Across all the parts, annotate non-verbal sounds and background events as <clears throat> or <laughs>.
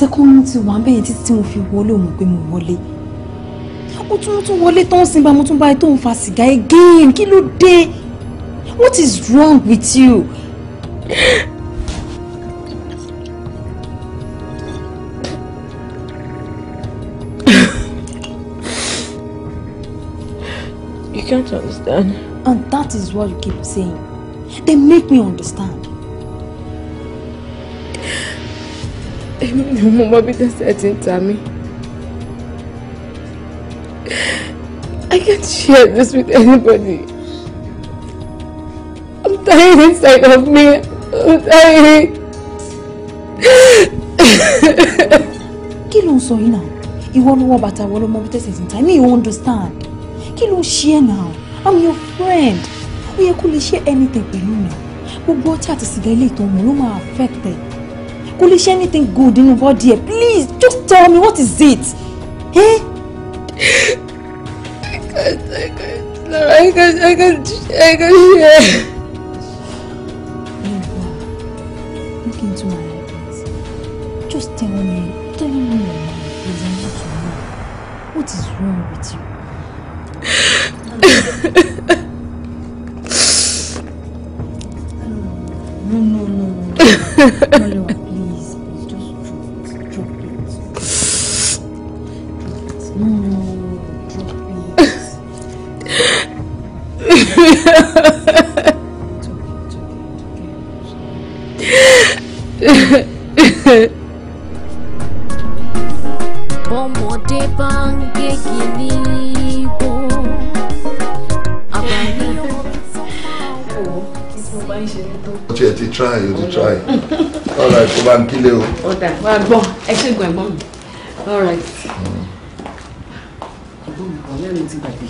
àtẹkùnrin ti wà bẹ́yẹn títí tí mo fi wọlé òun pé mo wọlé mo tún mo tún wọlé tó ń sin mo tún báyìí tó ń fa sìgá again kí ló dé what is wrong with you. you can't understand. and that is what you keep saying they make me understand. èmi ni mo mọ bí tẹ́sẹ̀ ti ń ta mí. I can't share this with anybody. I'm dying inside of me. I'm dying. kí ló ń sọ yìí náà ìwọ ló wọ bàtà ìwọ ló mọ bí tẹ́sẹ̀ ti ń ta mí you understand kí ló ń ṣe é náà I'm your friend ó yẹ kó lè ṣe anything pẹ̀lú mi gbogbo ọtí àti sìgá ilé ìtọ́ mi ló máa affect ẹ̀. Could lè ṣe anything good in bọ́dí ẹ̀ please just tell me what is it. Eh? I can't, I can't, Laura, I can't, I can't, I can't hear. Look into my eyes. Just tell me, tell me, please, I need to know. What is wrong with you? no, no, no. no. bọ́mọdé bá ń gé kiri bó àbáyé ọtí ẹ ti try you ti try all right bá ń kílé o. ọ̀dà wa gbọ́ ẹ ṣe ẹ̀gbọ́n mi all right ẹ̀gbọ́n mi kọ́ lẹ́nu ti gbàgbé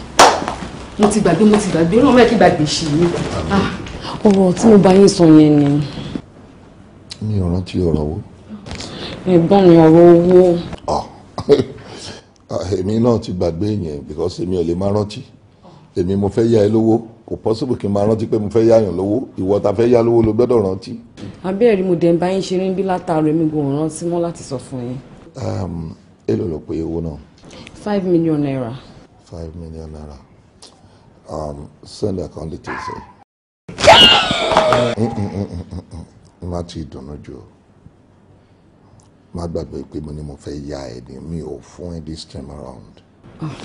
mo ti gbàgbé mo ti gbàgbé ó ràn kí gbàgbé ṣì ní. Ah, ọ̀rọ̀ tí mo bá yín sọ yẹn ni mi ò rántí ọ̀rọ̀ owó. ẹ̀gbọ́n mi ọ̀rọ̀ owó. Ah, <laughs> èmi náà ti gbàgbé yẹn because èmi ò lè máa rántí èmi mo fẹ́ yá ẹ lówó kò possible kí n máa rántí pé mo fẹ́ yáyàn lówó ìwọ ta fẹ́ yá lówó ló gbọ́dọ̀ rántí. abẹ́rẹ́ mo dẹ̀ ń bá yín ṣe níbí látàárọ̀ mi kò rántí mọ́ láti sọ fún yín. èló ló pé owó náà. five million naira. five million naira um, send account details má ti dùnú jù o má gbàgbé pé mo ní mo fẹ́ ya ẹ̀ ní mi ò fún ẹ this time around. Ah,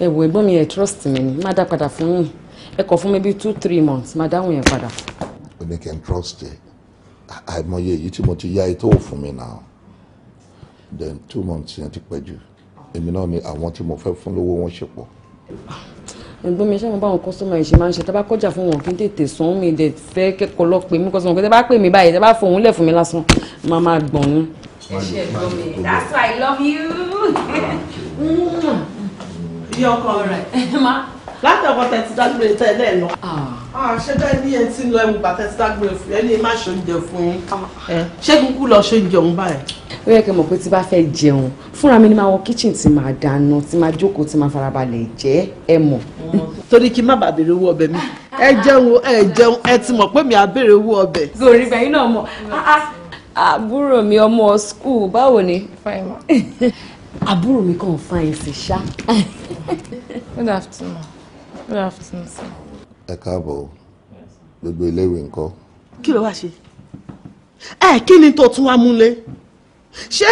ẹ wo ẹ̀gbọ́n mi ẹ trust mi ni má dá padà fún yín ẹ kọ fún mi bíi two three months má dáhùn yẹn padà. o ní kí n trust ẹ àìmọye èyí tí mo ti ya ètò òfin mi náà then two months yẹn ti pẹ́ jù èmi náà ni àwọn tí mo fẹ́ fún lówó wọn ṣe pọ̀ ẹ̀gbọ́n mi ṣé mo bá àwọn kọ́sọ́mà ìṣe máa ń ṣe tá bá kọjá fún wọn kí n tètè sàn mí dẹ̀ fẹ́ kẹ́kọ̀ọ́ lọ pé mí kọ́sọ́mà pé tẹ́ bá pè mí báyìí tẹ́ bá fòun lẹ̀ fún mi lásán máa máa gbọ̀n ní. ẹ ṣe that's why I love you. iye ọkọ rẹ láti ọkọ tẹ ti dágbére tẹ ẹ lọ. Ah. Ah, ṣé bẹ́ẹ̀ ni ẹ ti lọ ẹ̀wù bàtẹ́ ti dágbére fún ẹ ní ẹ má ṣoúnjẹ fún yín. Ah. ṣé kúkú lọ ṣoúnjẹ òun báyìí ó yẹ kí n mọ̀ pé tí bá fẹ́ jẹun fúnra mi ni máa wọ kíchìn tí máa dáná tí máa jókòó tí máa farabalẹ̀ jẹ́ ẹ mọ̀. <laughs> torí kí n má bàa béèrè owó ọbẹ̀ mi ẹ jẹun ẹ jẹun ẹ ti mọ̀ pé mi á béèrè owó ọbẹ̀. gòrí bẹ́yìn náà mọ̀ àbúrò mi ọmọ skul báwo ni. <laughs> àbúrò mi kàn fa ẹsẹ̀ ṣá. <laughs> good afternoon good afternoon sir. ẹ káàbọ̀ gbogbo iléèwé ńkọ́. kí ló wá ṣe ẹ kí ni tó tún wá múlé ṣé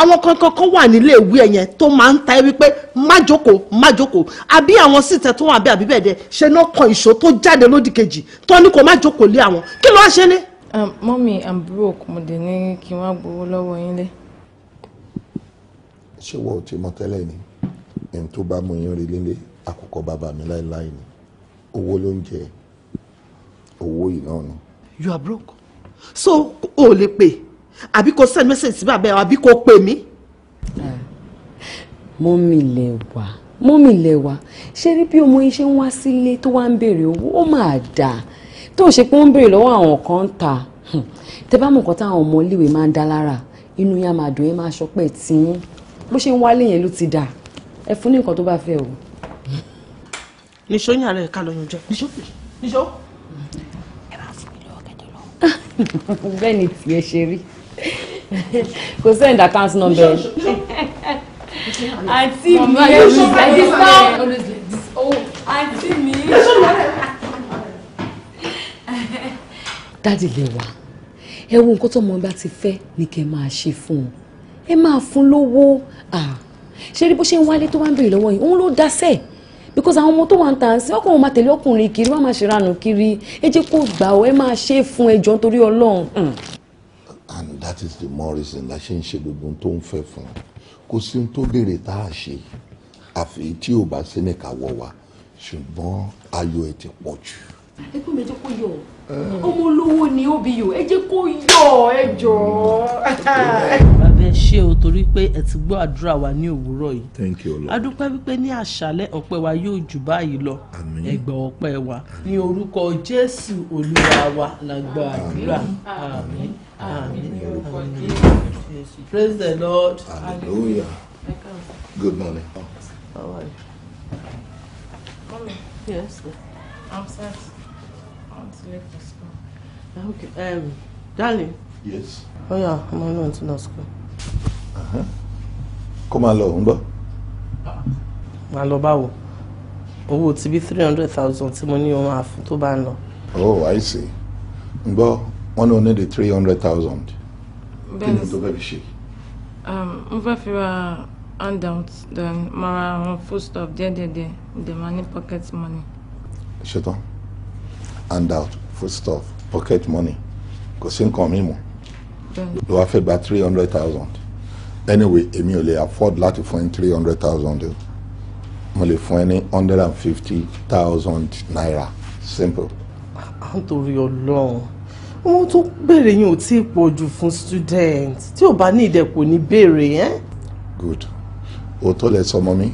àwọn kankan wà nílé ìwé ẹ yẹn tó máa ń ta ẹ wípé má jókòó má jókòó àbí àwọn sì tó wà bí àbí bẹ́ẹ̀ dẹ ṣe náà kan ìṣó tó jáde lódì kejì tó ní kó má jókòó lé àwọn kí ló wá ṣe lé. Um, mọ́mí i'm broke mo dé ní kí n wá gbowó lọ́wọ́ yín lé. ṣé wọ́n ò ti mọ tẹ́lẹ̀ ni ẹni tó bá mú yín rí lílé àkókò bàbá mi láéláé ni owó ló ń jẹ owó yìí ni. you are broke so o ò lè pè àbí kò send message sí bàbá ẹ àbí kò pè mí. mọ́mì lẹ́wà mọ́mì lẹ́wà ṣé rí bí ọmọ yín ṣe ń wá sílé tó wá ń béèrè owó ó máa dà tó ṣe pé ó ń béèrè lọ́wọ́ àwọn kan ń ta hmm. tẹ bá mọ̀ nǹkan táwọn ọmọ iléèwé máa ń dá lára inú yá máa dùn yín máa ṣọpẹ́ tí yín bó ṣe ń wálé yẹn ló ti dà ẹ fún ní nǹkan tó bá fẹ́ o. níṣó yín àárẹ̀ ká lọ yanjú ẹ níṣó ẹ máa ah, fún mi lọ́wọ́ kẹjọ lọ. bẹ́ẹ̀ ni tiẹ̀ ṣe rí kò send account number. àǹtí mi àti sọ àǹtí mi. dádì lè wá ẹ wo nǹkan tó mọ bá ti fẹ́ ni kẹ́ máa ṣe fún un ẹ máa fún lówó ṣe rí bó ṣe ń wálé tó wá ń béèrè lọ́wọ́ yìí òun ló dáṣẹ́ because àwọn ọmọ tó wà ń tà sí ọkàn wọn máa tẹ̀lé ọkùnrin kiri wọn máa ṣèrànù kiri ẹ jẹ́ kó gbà ọ ẹ máa ṣe é fún ẹjọ́ nítorí ọlọ́run and that is the more reason la ṣe ń ṣe gbogbo tó ń fẹ́ fún un kò sí ohun tó béèrè tá a ṣe àfi tí ò bá sí ní káwọ́ wa ṣùgbọ́n ayọ̀ ẹ̀ ti pọ̀ jù. ẹ kó mi jẹ́ kó yọ ọmọ olówó ni ó bí yọ ẹ jẹ́ kó yọ ẹ jọ. bàbá ẹ ṣé o torí pé ẹ ti gbọ́ àdúrà wa ní òwúrọ̀ yìí thank you Lord. a dúpẹ́ wípé ní àṣálẹ́ ọpẹ́ wa yóò jù báyìí lọ ẹgbẹ́ ọpẹ́ wa ní orúkọ Jésù Olúwa wa la àdúrà Amen. Praise the Lord. Hallelujah. Good morning. How are you? Yes. I'm set. I'm want to leave for school. Okay. Um, darling. Yes. Oh yeah, I'm on to school. Uh-huh. Come along, lọ, ń bọ̀. Máa lọ ti bí three hundred thousand tí mo ní ohun àfún tó bá ń lọ. Oh, I see. Ń wọ́n ní o ní the three hundred thousand kí ni tó fẹ́ fi ṣe. Um, mo fẹ́ fi ra handout then mo ra àwọn foodstuff díẹ̀díẹ̀díẹ̀ dem ma ní pocket money. ṣetán handout foodstuff pocket money kò sí nǹkan mi mọ́ ló wá fẹ́ gba three hundred thousand anyway èmi ò lè afford láti fún ẹ ní three hundred thousand o mo lè fún ẹ ní hundred and fifty thousand naira simple. à ń torí ọlọ́run owó tó béèrè yín ò tí ì pọ̀ jù fún student tí ò bá ní ìdẹ ní béèrè yẹn. good òótọ́ lẹ sọ ọmọ mi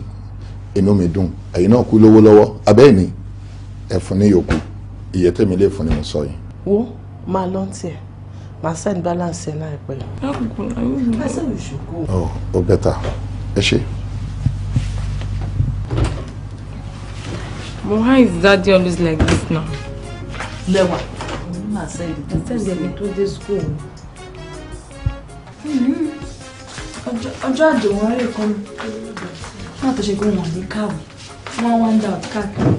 inú mi dùn ẹ̀yin náà kú lówó lọ́wọ́ abẹ́ẹ̀ ni ẹ fún ní yòókù iye tẹ́mi lè fún ni mo sọ yìí. wo máa lọ ń tiẹ̀ máa send balance ẹ̀ náà yóò ní. ọ ọ bẹ́tà ẹ ṣe. But why is daddy always like this now? Lẹ́wà máa sẹ́ndì tó kù sí mi tó dé school ọjọ́ àdéhùn rẹ̀ kan náà tó ṣe pé wọ́n ní káwé wọ́n hand out káàkiri.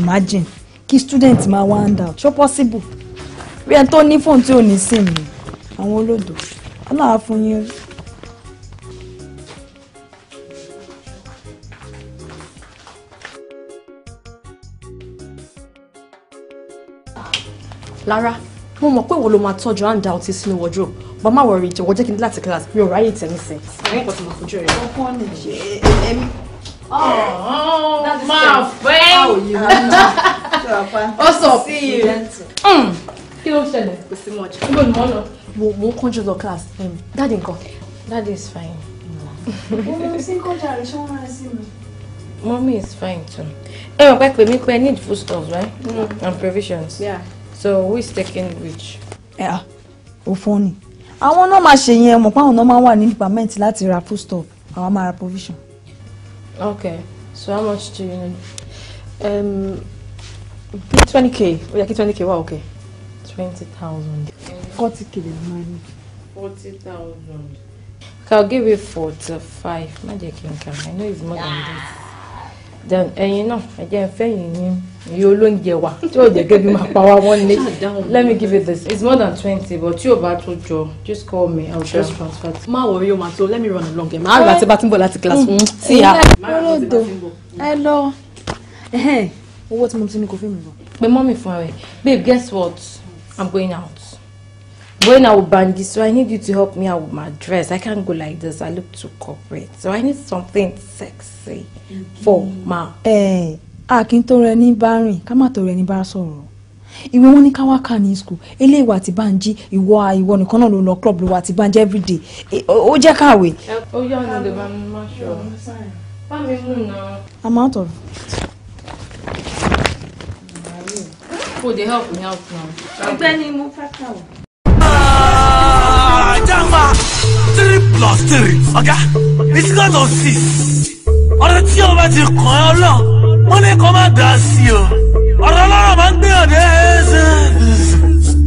imagine kí student máa hand out ṣó possible bí ẹni tó ní fóònù tí ò ní sim ni àwọn olódò ọlọ́run á Lara, mo mọ̀ pé wo ló máa tọ́jú àǹdà ọtí sínú wardrobe bọ́ má wọrí ìjọ̀wọ́ jẹ́ kí n láti class mi ò ráyè tẹ̀lé sí. ẹ̀yìn kan tó máa fojú rẹ̀. ọkọ ni ẹ̀mí. Oh, oh, máa fẹ́. ó <laughs> sọ mm. kí ló ń ṣẹlẹ̀. kò sí mọ̀ọ́jà. níbo ni wọ́n lọ. mo mo ń kánjú lọ class dáàdi nǹkan. dáàdi is fine. <laughs> Mm. mo sì ń kọjá rẹ̀ ṣé wọ́n rán sí mi. mommy is fine too. ẹ mọ̀ pé pèmí pé i need foodstuffs right? Mm. and provisions. Yeah. So who is taking which? Yeah, Ofoni. Àwọn náà máa ṣe yẹn mọ̀ pé àwọn náà máa wà ní department láti ra food stop. Àwọn máa ra provision. Okay, so how much do you need? Um, twenty k. Ó yẹ kí twenty k wá okay. Twenty thousand. Forty k lè máa ní. Forty thousand. Okay, I'll give you forty-five. Má jẹ́ kí n kà. I know it's more than that. Then ẹ̀yin náà, ẹ jẹ́ n fẹ́ yín ní iye olóúnjẹ wa tí ò jẹ́ kébi máa pa wá One ní let me give you this it's more than twenty but tí o bá tó jọ just call me I'll just transfer. má wọrí o máa tó let me run along ẹ̀ máa gbà tí bá ti ń bọ̀ láti class mm. mm, sí ya. Mm. ẹ lọ owó tí mo ti ní kò fi mi bọ̀. pe mọ́mì fún ẹ babe guess what i'm going out going out bandy so i need you to help me out with my dress i can't go like this i look too corporate so i need something sexy for ma. Hey. Eh a kì í tó rẹ ní bá rìn ká má tó rẹ ní bá sọ̀rọ̀ ìwé wọn ní káwáká ní school eléyìí wà tí bá ń jí ìwọ ìwọ nìkan náà ló lọ club ló wà tí bá ń jẹ everyday ó jẹ káàwé. ó yá ọ̀nà lè bá mi má ṣọ bá mi mú un i'm out of. kò dé help me out now. ẹgbẹ́ ni mo fẹ́ kà wọ́n ah, jamba three plus three ọ̀gá okay? it's gone on six ọ̀rọ̀ tí o bá ti kàn ẹ́ lọ wọ́n ní kó má dá sí o ọ̀rọ̀ ọlọ́rọ̀ máa ń gbìyànjú ẹ̀ẹ́sẹ̀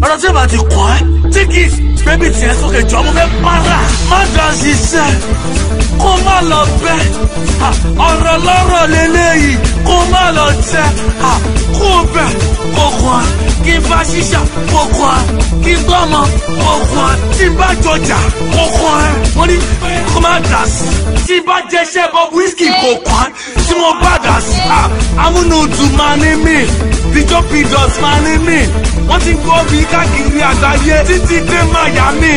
ọ̀rọ̀ tí o bá ti kàn ẹ́ tí gbébí tiẹ̀ sókè jọ mo fẹ́ para má dá ṣiṣẹ́ kó má lọ bẹ́ ọ̀rọ̀ lọ́rọ̀ lélẹ́yìí kó má lọ tẹ́ kó bẹ̀ kó kàn án kí n bá ṣíṣà kó kàn án kí n gbọ́mọ kó kàn án tí n bá jọjà kó kàn án wọ́n ní kó má dà sí tí n bá jẹ́ṣẹ́ bob whisky kó kàn án tí mo bá dà sí amúnudù máa ní mí díjọ́pì dọ̀tí máa ní mí wọ́n ti ń kó bí káàkiri àgbáyé títí dé Miami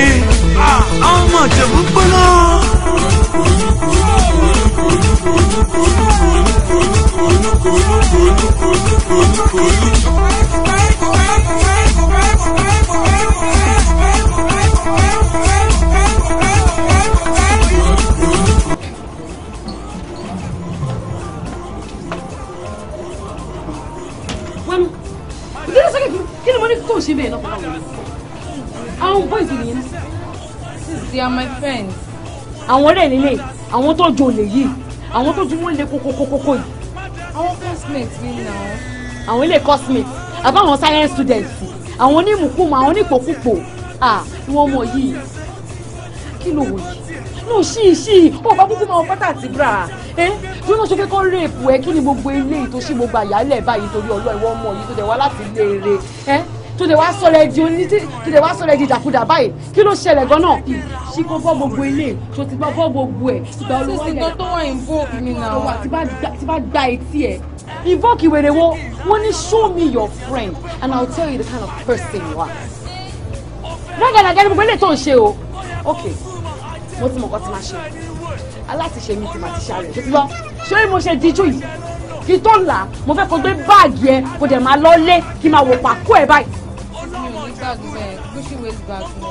àwọn ọmọ ìjẹ̀bú gbóná. Thank you. kò ṣe bẹ́ẹ̀ lọ́pọ̀ àwọn boys nìyẹn ní. sis they are my friends. I want àwọn ọ̀rẹ́ nílé àwọn tó jọ olè yìí àwọn tó ju wọn lé kókókókókó yìí. àwọn classmates I want án. àwọn I want àbáwọn science students àwọn onímùkúmu àwọn onípòkúpò ìwọ ọmọ yìí kí ló more. yìí nù sí she. ó bá kúkú máa pátá àti bra ẹ tí wọn ṣe fẹ́ kọ rèépù ẹ kí ni gbogbo ilé ìtòsí gbogbo àyálẹ báyìí torí ọlọ ìwọ ọmọ yìí tó dẹ wá láti ilé rẹ ẹ tó lè wá sọ̀rọ̀ ẹ̀dì oní tó lè wá sọ̀rọ̀ ẹ̀dì ìdàkudà báyìí kí ló ṣẹlẹ̀ gan-an ṣí kó fọ́ gbogbo ilé tó ti gbọ́ fọ́ gbogbo ẹ̀ ìgbà olówó rẹ̀ tó wọ́n invoke mi náà wà tí bá gba etí ẹ̀ invoke ìwèrè wo wọ́n ní show me your friend and i will tell you the kind of person you are. rágàdàgà ni gbogbo ilé tó ń ṣe o ok mo ti mọ̀ kọ́ ti máa ṣe aláṣìṣe mi ti máa ti ṣe àrẹ̀ tó ti lọ ṣé mo ṣe díjú yìí kí tó là mo fẹ́ kó gbé báàgì ẹ kó dẹ̀ máa lọ lé kí máa wò pàkó ẹ báyìí bag bẹ́ẹ̀ Gucci waist bag mo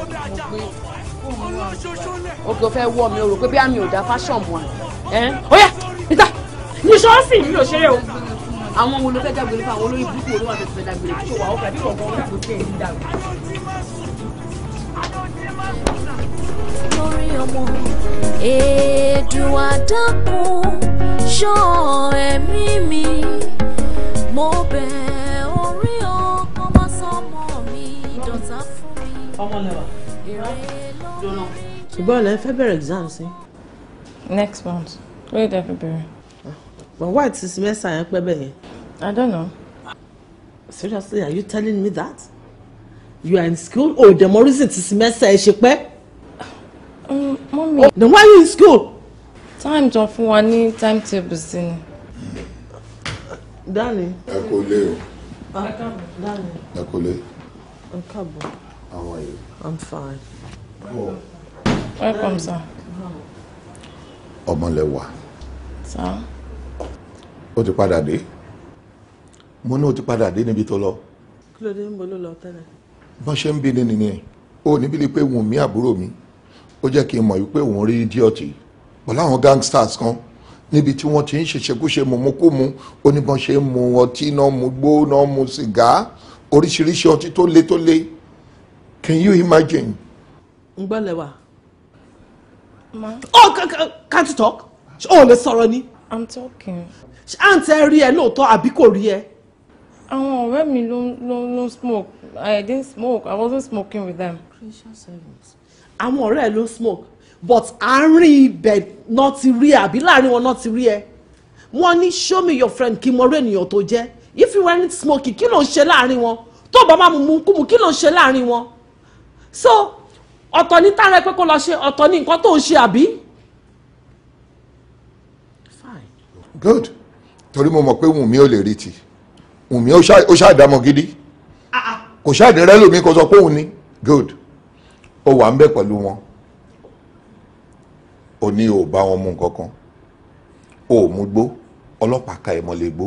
gbé fóònù wọ mi rò pé bí àmì ò fashion mu à Oya, ó yẹ níta ní ṣọ́ọ̀ṣì mi ò ṣeré o. àwọn wo ló fẹ́ dágbére fún àwọn olórí burúkú olówó àti ìfẹ́ dágbére tó wà ó kàbí kọ̀ọ̀kan ó kò tẹ̀ ní dàgbà. lórí ọmọ èèdùn àdàkùn ṣọ́ ẹ̀mí mi mo bẹ̀rẹ̀. ọmọlẹ́wà jóná. ṣùgbọ́n ọ̀lẹ́ fẹ́ bẹ̀rẹ̀ exam sí. next month wey dey fi but why ti semester yẹn pẹ́ bẹ́ẹ̀ yẹn. i don't know. seriously are you telling me that you are in school oh the more reason ti semester ẹ ṣe pẹ́. mummy. Mm, oh, then why you in school. time jọ fún wa ní timetable sí ni. dani. ẹ kò lè o. ẹ kò lè. ẹ kò lè. ẹ káàbọ̀. How are you? I'm fine. Oh. Welcome, sir. Ọmọlẹ́wà. Sir. Ó ti padà dé. Mo ní ó ti padà dé níbi tó lọ. Kí ló dé ń bo lọ tẹ́lẹ̀? Bọ́n ṣe ń bí ní nìyẹn. O níbi ni pé wùn mí àbúrò mi. Ó jẹ́ kí n mọ̀ wípé òun rí díọ̀tì. Pẹ̀lú àwọn gangsters kan níbi tí wọ́n ti ń ṣèṣekúṣe mọ̀mọ́kùmù ó ní bọ́n ṣe ń mu ọtí náà mu gbó náà mu sìgá oríṣiríṣi ọtí tó le tó le. Can you imagine? Ngbalewa. Ma. Oh, can't you talk? Oh, lè sọ̀rọ̀ ni. I'm talking. Aunt ẹ rí ẹ lóòótọ́ àbí kò rí ẹ? Àwọn ọ̀rẹ́ mi ló ló ló smoke. I didn't smoke. I wasn't smoking with them. Àwọn ọ̀rẹ́ ẹ ló smoke but àárín ibẹ̀ náà ti rí ẹ àbí láàrin wọn ti rí ẹ. Wọ́n ní show me your friend kí mo rí ènìyàn tó jẹ́. If you weren't smoking kí ló ń ṣe láàrin wọn? Tó bá máa mú mú kú mu kí ló ń ṣe láàrin wọn? so ọ̀tọ̀ ní tára ẹ pé kó lọ ṣe ọ̀tọ̀ ní nǹkan tó ń ṣe àbí. fine. good torí mo mọ̀ pé wùnmí ò lè rí ti wùnmí ó ṣàdámọ̀ gidi ah, ah. kò ṣàdérẹ́ lómi kó sọ pé òun ni good ó wà ń bẹ̀ pẹ̀lú wọn ó ní ò bá wọn mú nǹkan kan ó mú gbó ọlọ́pàá ka ìmọ̀lẹ́gbó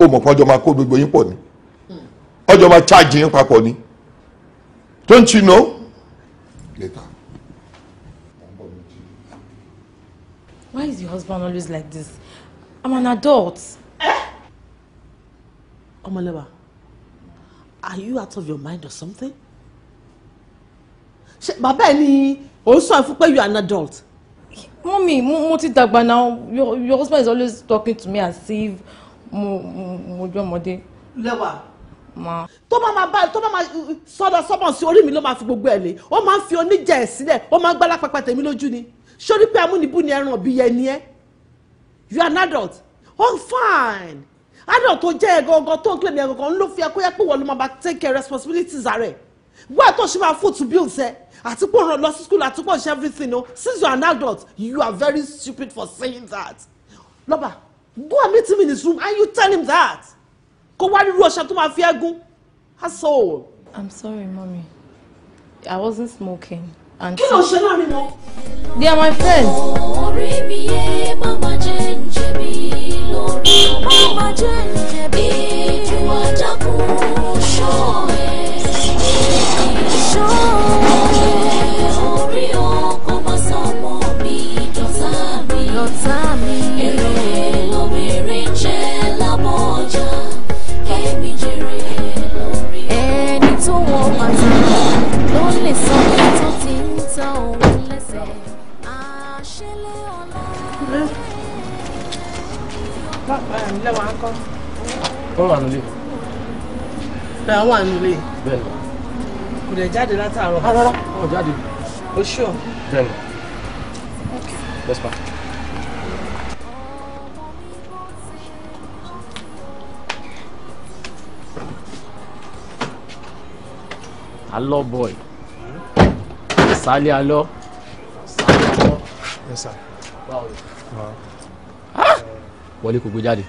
ó mọ̀ pé ọjọ́ máa kó gbogbo yín pọ̀ ni hmm. ọjọ́ máa ṣáàjì yín papọ̀ ni. Mm Don't you know? Later. Why is your husband always like this? I'm an adult. Eh? Omalewa, are you out of your mind or something? Ṣé also I ni you are an adult? Mọ́mí, mo ti dàgbà now. Your, your husband is always talking to me as if mo jẹ́ ọmọdé mọ́. tó bá máa bá tó bá máa sọdọ sọmọ sí orí mi ló máa fi gbogbo ẹ lé ó máa ń fi oníjà ẹ sílẹ̀ ó máa ń gbálá pàpà tèmi lójú ni sórí pé amúnibú ni ẹran òbí yẹn ẹ you are an adult oh fine adult tó jẹ́ ẹ̀gọ́gọ́ tó ń kílẹ̀ mi ẹ̀gọ́gọ́ ń ló fi ẹkọ́ yẹ pé wọ́n ló máa bá take care responsibilities rẹ̀ wọ́n àtọ́ ṣe máa food to build ṣe àti pé òun lọ sí school àti pé òun ṣe everything o since you are an adult you are very stupid for saying that lọ́ba go and meet him in his room and you tell him that kó wá rírú ọṣẹ tó máa fi ẹgún aṣọ i'm sorry mommy i wasn't smoking. and kí ló ṣe láàrin wọn. they are my friends. orí mi yé mama jẹ́ ń jẹ́ lórí mama jẹ́ ń jẹ́ bí ju ṣọ́ ẹ̀ ṣọ́ ẹ̀. ǹlẹ́ wàá kọ́. wọ́n wà nílé. bẹ́ẹ̀ wà nílé. bẹ́ẹ̀ ni. kò dẹ̀ jáde látàárọ̀. rárá wọn yes ma. alọ boy sálẹ alọ Yes, sir. Báwo ni? wọlé kò gbé jáde.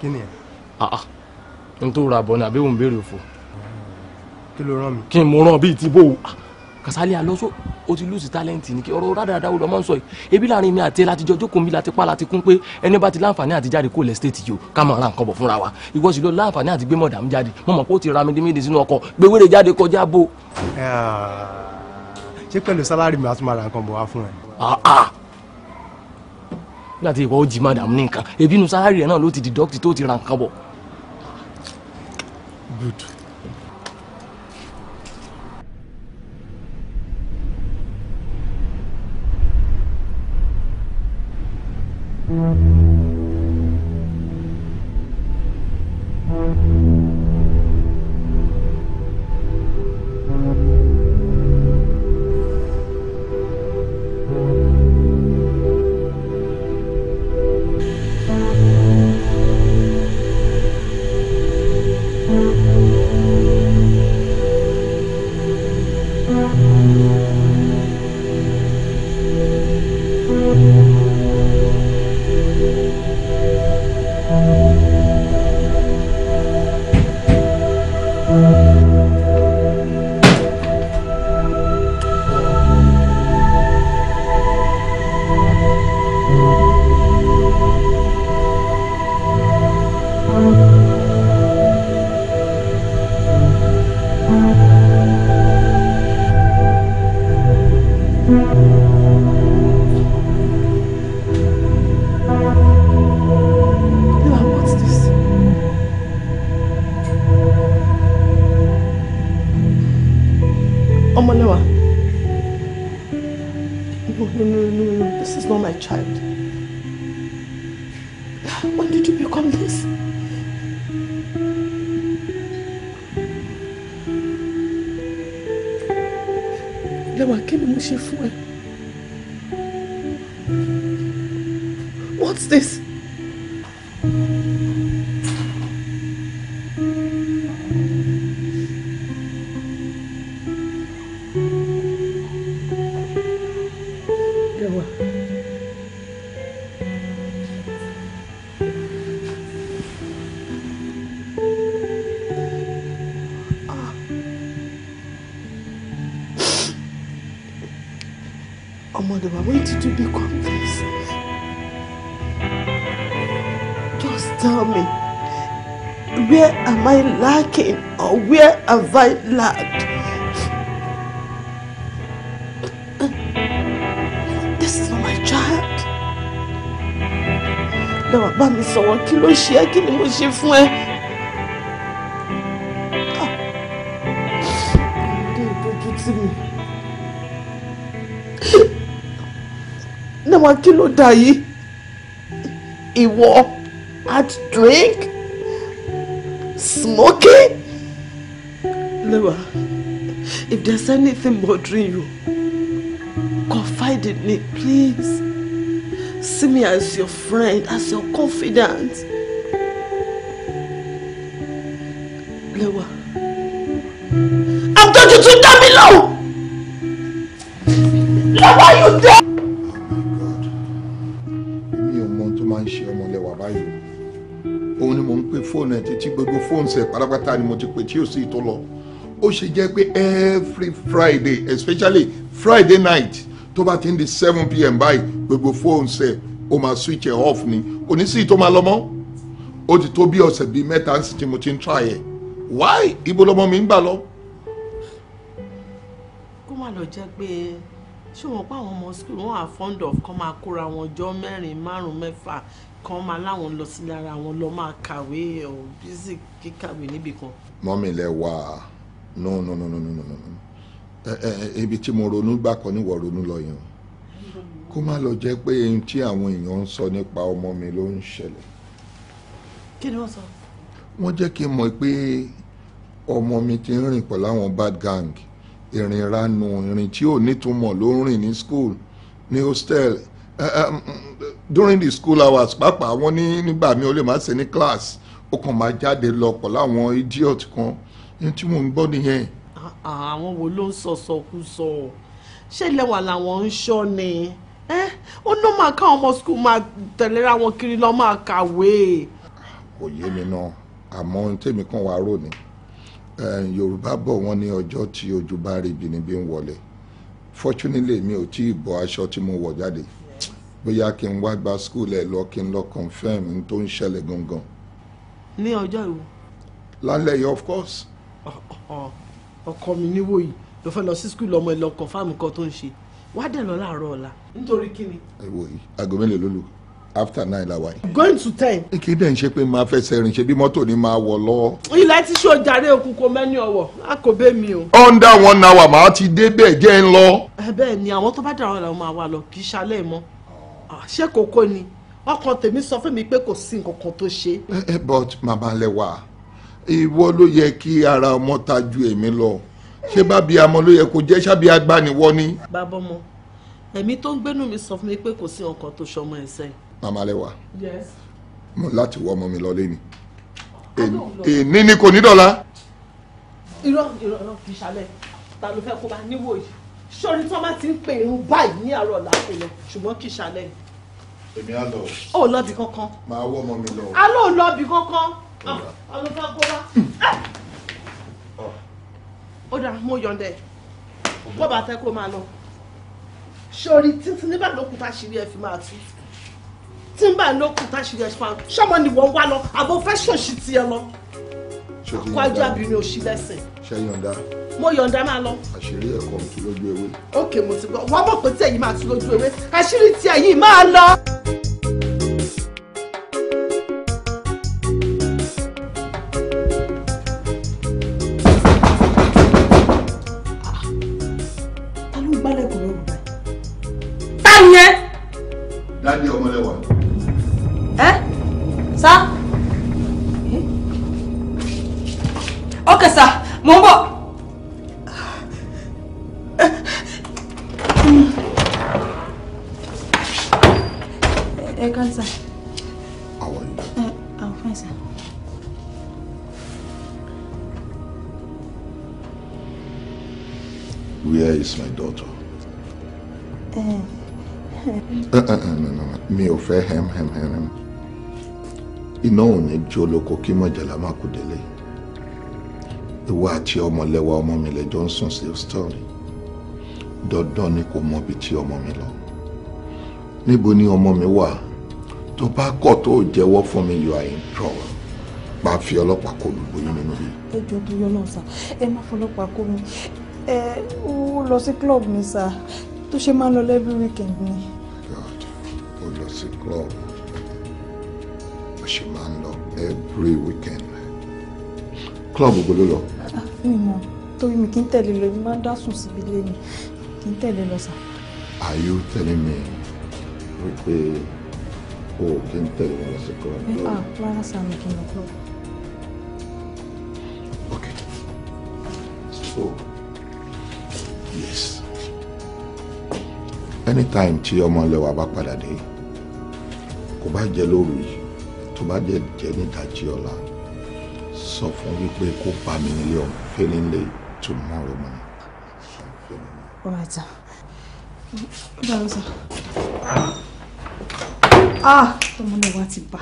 kí ni ẹ. àà ah, ah. n tó ra bọ̀ ni àbí òun béèrè òfò. kí ló rán mi. kí n mo rán bíi ti bò ó. Ah, Kasali Alonso o ti lose talent ni kí ọ̀rọ̀ rádaràda wo lọ máa ń sọ yìí ebi láàrin mi àti ẹ jókòó mi láti pa láti kún pé ẹni bá ti láǹfààní àti jáde kó lẹ stéètì yìí o ká máa ra nǹkan bọ̀ fúnra wa ìwọ sì lọ láǹfààní àti gbé mọ̀dàmú jáde mo mọ̀ pé ó ti ra mídímídì sínú ọkọ̀ gbé wéré jáde kọjá bó. ṣé pẹ̀lú sálárì mi a tún máa ra nǹkan bọ̀ wá fún ẹ nígbà tí ìwọ ó jí madam ní nǹkan ebi inú sáárì ẹ náà ló ti deduct tó ti ra nǹkan bọ̀. thank you Just tell me, where am I lacking or where have I lacked? This is not my child. Ẹ wá bá mi sọ̀rọ̀ kí ló ṣe ẹ́ kí ni mo ṣe fún ẹ? Ìdí ah. ìdójú tì mí. Náà wá kí ló dà yìí? Ìwọ hard drink, smoking. Lewa, if there's anything bothering you, confide in me, please. See me as your friend, as your confidant. Lewa, I've told you to tell me low. Lewa, you there? fóònù ẹ̀ títí gbogbo fóònù sẹ̀ pátápátá ni mo ti pè tí ò sí ìtọ́ lọ ó ṣe jẹ́ pé every friday especially friday night tó bá ti ń di seven pm báyìí gbogbo fóònù sẹ̀ o máa switch ẹ̀ off ni kò ní sí ìtọ́ máa lọ mọ́ ó ti tó bí ọ̀sẹ̀ bíi mẹ́ta ń sì tí mo ti ń try ẹ̀ why ibo lọmọ mi ń gbà lọ. kó má lọ jẹ́ pé ṣé wọn pa àwọn ọmọ school wọn are fond of kọ́ máa kóra wọn jọ mẹ́rin márùn-ún kan máa láwọn lọ sílé ara wọn lọ máa kàwé ọ bísí kíkàwé níbì kan. mọ́mí lẹ wà no no no no no no no ibi tí mo ronú gbà kan níwọ̀ ronú lọ yẹn kó má lọ jẹ́ pé ohun tí àwọn èèyàn ń sọ nípa ọmọ mi ló ń ṣẹlẹ̀. kí ni wọ́n sọ. wọ́n jẹ́ kí n mọ̀ pé ọmọ mi ti ń rìn pẹ̀lú àwọn bad gang ìrìn ranu ìrìn tí ò nítumọ̀ ló ń rìn ní school ní hostel during the school hours pàápàá wọ́n ní nígbà mi ò lè má ṣe ní class ó kàn máa jáde lọ pọ̀ láwọn idiot kan ní tí mò ń gbọ́ nìyẹn. àwọn wo ló ń sọ sọkúsọ ṣé lẹ́wà làwọn ń ṣọ́ ni ó ná máa ká ọmọ school máa tẹ̀léra wọn kiri lọ máa kàwé. kò yé mi náà àmọ́ tèmi kan wàá rò ní yorùbá bọ̀ wọ́n ní ọjọ́ tí ojú bá rí ibi níbi ń wọlé fortunately mi ò tí ì bọ́ aṣọ tí mo wọ̀ jáde. bóyá kí n wá gba skul ẹ̀ lọ kí n lọ confirm n tó ń gangan. ní ọjọ́ ìwò. lálẹ́ yìí of course. ọkọ mi níwò yìí ló fẹ́ lọ sí skul ọmọ ẹ̀ ọkọ confirm kan tó ń ṣe wá dẹ̀ lọ láàárọ̀ ọ̀la nítorí kí ni. ẹ wò yìí aago mélòó ló after nine la wa going to ten. kí dẹ̀ ń ṣe pé máa fẹsẹ̀ rìn ṣe bí mọ́tò ni máa wọ̀ lọ. ilẹ̀ ti ṣó jàre okun kò mẹ́ni a kò bẹ́ mi o. under one hour màá ti débẹ̀ jẹ́ ń lọ. ẹ bẹ́ẹ̀ ni àwọn tó bá dàrọ̀ làwọn máa wà lọ kì í mọ́. Ah, ṣé kókó ni ọkàn tèmi sọ fún mi pé kò sí nǹkan kan tó ṣe. Eh, eh, but màmá lẹ́wà ìwọ ló yẹ kí ara ọmọ ta ju èmi lọ ṣé bábí amọ ló yẹ kó jẹ ṣábí agbaniwọ ni. bàbá ọmọ ẹ̀mí tó ń gbénu mi sọ fún mi pé kò sí nǹkan tó ṣọmọ ẹ̀sẹ̀. màmá lẹ́wà yes mo láti wọ ọmọ mi lọ lẹ́ni èní ni kò ní dọ̀la. irọ́ irọ́ kì í ṣalẹ̀ ta ló fẹ́ kó bá níwò yìí sórí tí wọ́n bá ti ń pè irun báyìí ní àárọ̀ làákò lọ ṣùgbọ́n kì í ṣalẹ̀. èmi á lọ. ó lọ́ọ̀bì kankan. màá wọ ọmọ mi lọ. a ló lọ́ọ̀bì kankan. Ah, ọ̀run kan kó wá. Ah! ó dáa mo yọ̀ǹda ẹ̀ bó bá fẹ́ kó máa lọ. sórí títí nígbà lókùtà ṣìírí ẹ fi máa tú tí ń bá lókùtà ṣìírí ẹ fi máa tú sọ́mọ ni wọ́n wá lọ àbò fẹ́ ṣòṣì tiẹ̀ lọ kwájú abìnrin ò sí lẹ́sìn. ṣe yọ̀ǹda. mo yọ̀ǹda máa lọ. àṣírí ẹ̀kọ́ mi tún lójú ewé. ókè mo ti gbọ́ wọ́n mọ̀ pé tí ẹ̀yin máa tún lójú ewé àṣírí tí ẹ̀yin máa lọ. iná ò ní jó olóko kí mọ̀jàlá má kú délé ìwọ àti ọmọlẹ́wà ọmọ mi lẹ́jọ́ ń sùn sí stọọrì dandan ni kò mọbi tí ọmọ mi lọ níbo ni ọmọ mi wà tó bá kọ̀ tó jẹ́wọ́ fún mi you are in trouble bá fi ọlọ́pàá kó lu bóyá nínú yìí. ẹ jọ bóyá náà sá ẹ má fọlọ́pàá kó mi ẹ ó lọ sí club ni sá tó ṣe máa ń lọ lẹ́bí weekend ni. God ó lọ sí club. every weekend club ògbó ló lọ. Ah, mi mọ torí mi kì í tẹ̀lé lọ mi máa ń dásùn síbi ilé mi kì í tẹ̀lé lọ sà. are you telling me wípé o kì í tẹ̀lé wọn lọ sí club. Eh, ah, rárá sà mi kì í club. okay so yes anytime tí ọmọ ilé wa bá padà dé kò bá jẹ lóru yìí tó bá dẹ̀ jẹ́ nídàjí ọ̀la sọ fún wípé kó bá mi nílé ọ̀hún failing late tomorrow morning. All right, sir. Báwo sir? Ah, tọmọ ah! náà wá ti bá.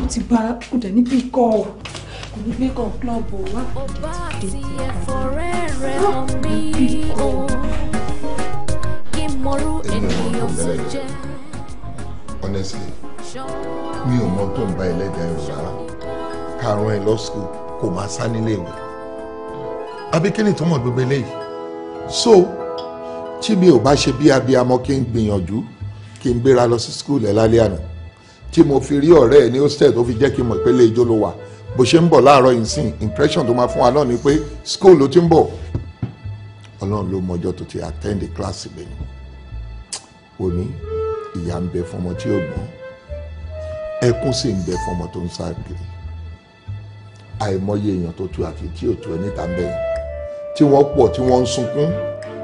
Mo ti bára kò dẹ̀ níbi ikọ̀ o. Kò ní bí ikọ̀ kílọ̀bù wá. Ọba àti ẹ̀fọ́ rẹ̀ rẹ̀ mí o. Kí ènìyàn tó jẹ́. Honestly mi ò mọ tó ń bá ẹlẹ́dàá ẹ̀rù rárá karùn ẹ̀ lọ́sùkù kò máa sá nílé ìwé abíkínì tó mọ̀ gbogbo eléyìí so tí mi ò bá ṣe bí abiyamọ kí n gbìyànjú kí n gbéra lọ sí skul ẹ̀ lálẹ́ àná tí mo fi rí ọ̀rẹ́ ẹ̀ ní hostel tó fi jẹ́ kí n mọ̀ pé ilé ijó ló wà bó ṣe ń bọ̀ láàárọ̀ yìí sìn impression tó máa fún wa náà ni pé skul ló ti ń bọ̀ ọlọ́run ló mọjọ́ tó ti attend the class ìgbẹ̀yìn òní ìyá ń bẹ fún ọmọ tí yóò gbọ́n ẹkún sì ń bẹ fún ọmọ tó ń sáré kiri àìmọye èèyàn tó tu àfi tí ò tu ẹ níta bẹ́ẹ̀ tí wọ́n pọ̀ tí wọ́n ń sunkún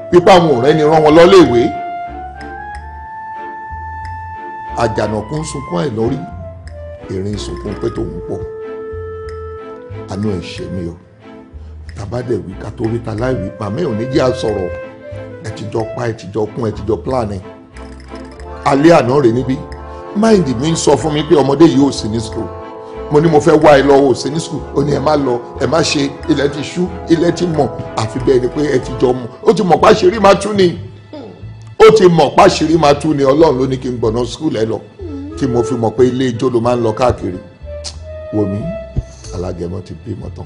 pípa àwọn ọ̀rẹ́ ni rán wọn lọ́léèwé àjànàkú ń sunkún àìlórí erin sunkún pé tòun pọ̀ àánú ẹ̀ ṣe mí o tàbádẹ̀ wí ká tó rí ta láì wí pa mẹ́rin ní jẹ́ àsọ̀rọ̀ ẹ̀ ti jọ pa ẹ̀ ti jọ kún ẹ̀ ti jọ pílánì alẹ́ àná rè níbí mind mi ń sọ fún mi pé ọmọdé yìí ò sí ní school mo ní mo fẹ́ wá ẹ lọ́wọ́ ò sí ní school ó ní ẹ má lọ ẹ má ṣe ilẹ̀ ti ṣú ilẹ̀ ti mọ̀ àfi bẹ́ẹ̀ ni pé ẹ ti jọ mu ó ti mọ̀ pa ṣeré máa tú ni ó ti mọ̀ pa ṣeré máa tú ni ọlọ́run ló ní kí n gbọ̀nà school ẹ lọ tí mo fi mọ̀ pé ilé ijó ló máa ń lọ káàkiri wò mí alágẹmọ ti bímọ tán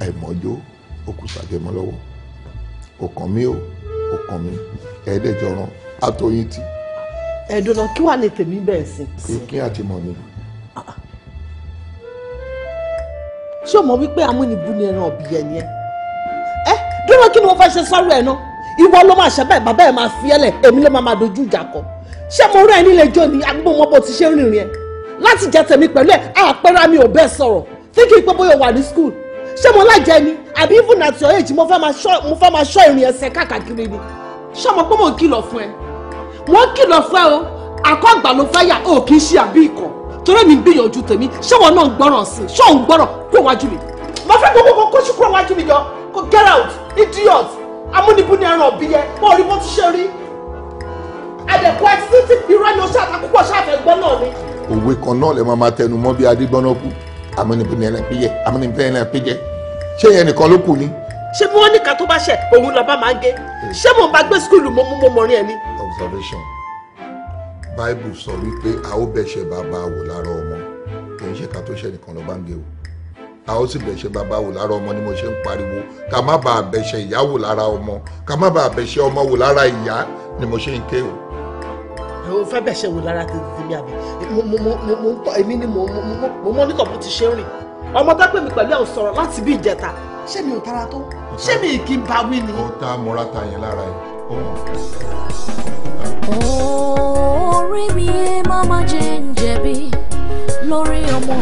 àìmọjó òkùsàgẹmọ lọ́wọ́ òkàn mi ó òkàn mi ẹ̀ẹ́dẹ̀jọ̀ràn àtọyìn ẹ̀dùnà kí wàá ní tèmi bẹ́ẹ̀ sí. ìkín àti mọ̀ mi. ṣé o mọ̀ wípé amúnibú ni ẹran ọ̀bì yẹn yẹn ẹ dúró kí ni mo fẹ́ ṣe sọ́rọ̀ ẹ̀ náà ìwọ ló máa ṣẹ́bẹ̀ bàbá ẹ̀ máa fi ẹlẹ̀ èmi ló máa máa dojú ìjà kọ ṣé mo rán ẹ nílé ijó ni agbó mọ́ bó ti ṣe ń rìnrìn ẹ̀ láti jẹ tèmi pẹ̀lú ẹ̀ àpẹẹrẹ mi ò bẹ́ẹ̀ sọ̀rọ̀ fíkì pé bóyá wà ní school ṣé mo lájẹ ni àbí even at your age mo fẹ́ máa ṣọ́ ìrìn ẹsẹ̀ káàkiri ni ṣé mo pé mò ń kìlọ̀ fún ẹ wọ́n kìlọ̀ fún ẹ o àkọ́gbà ló fẹ́ yà ó kì í ṣe àbí ikọ̀ torí mi gbìyànjú tèmi ṣé wọn náà ń gbọ́ràn sí i ṣé òun gbọ́ràn kó wájú mi. mo fẹ́ kó kókó kó ṣùkúrò wájú mi jọ kó get out idiot amúnibú ni ẹran ọ̀bí yẹ mo rí bó ti ṣe rí. àdẹ̀kù ẹtí tó ti fi rán ni oṣù àtàkùkọ̀ ṣàfẹ́ gbọ́ náà ni. òwe kan náà lè máa máa tẹnu mọ́ bí adégbọ́nà kú amúnibú ni ẹran píjẹ amúnibú ni ẹran píjẹ ṣé yẹn nìkan ló kù ni. ṣé bí wọ́n ní ká tó bá ṣẹ̀ òun lọ́ba máa ń gé ṣé mo bá gbé skúlù mo mú mo mọ̀rin ẹ̀ ni observation bible sọ wípé a ó bẹ̀ṣẹ̀ bàbá wò lára ọmọ kì í ṣe ká tó ṣe nìkan lọ bá ń gé o a ó sì bẹ̀ṣẹ̀ bàbá wò lára ọmọ ni mo ṣe ń pariwo ká má bàa bẹ̀ṣẹ̀ ìyá wò lára ọmọ ká má bàa bẹ̀ṣẹ̀ ọmọ wò lára ìyá ni mo ṣe ń ké o. mo fẹ́ bẹ̀ṣẹ̀ wò lára tèmi àbí èmi ni mo mọ́ ní kọ̀ọ̀bù ti ṣe ń rìn ọmọ tó pè mí pẹ̀lú ẹ̀ sọ̀rọ̀ láti bí ìjẹta ṣé mi ò tara tó ṣé mi kì orí mi ẹ má má jẹ́ ń jẹ̀bi lórí ọmọ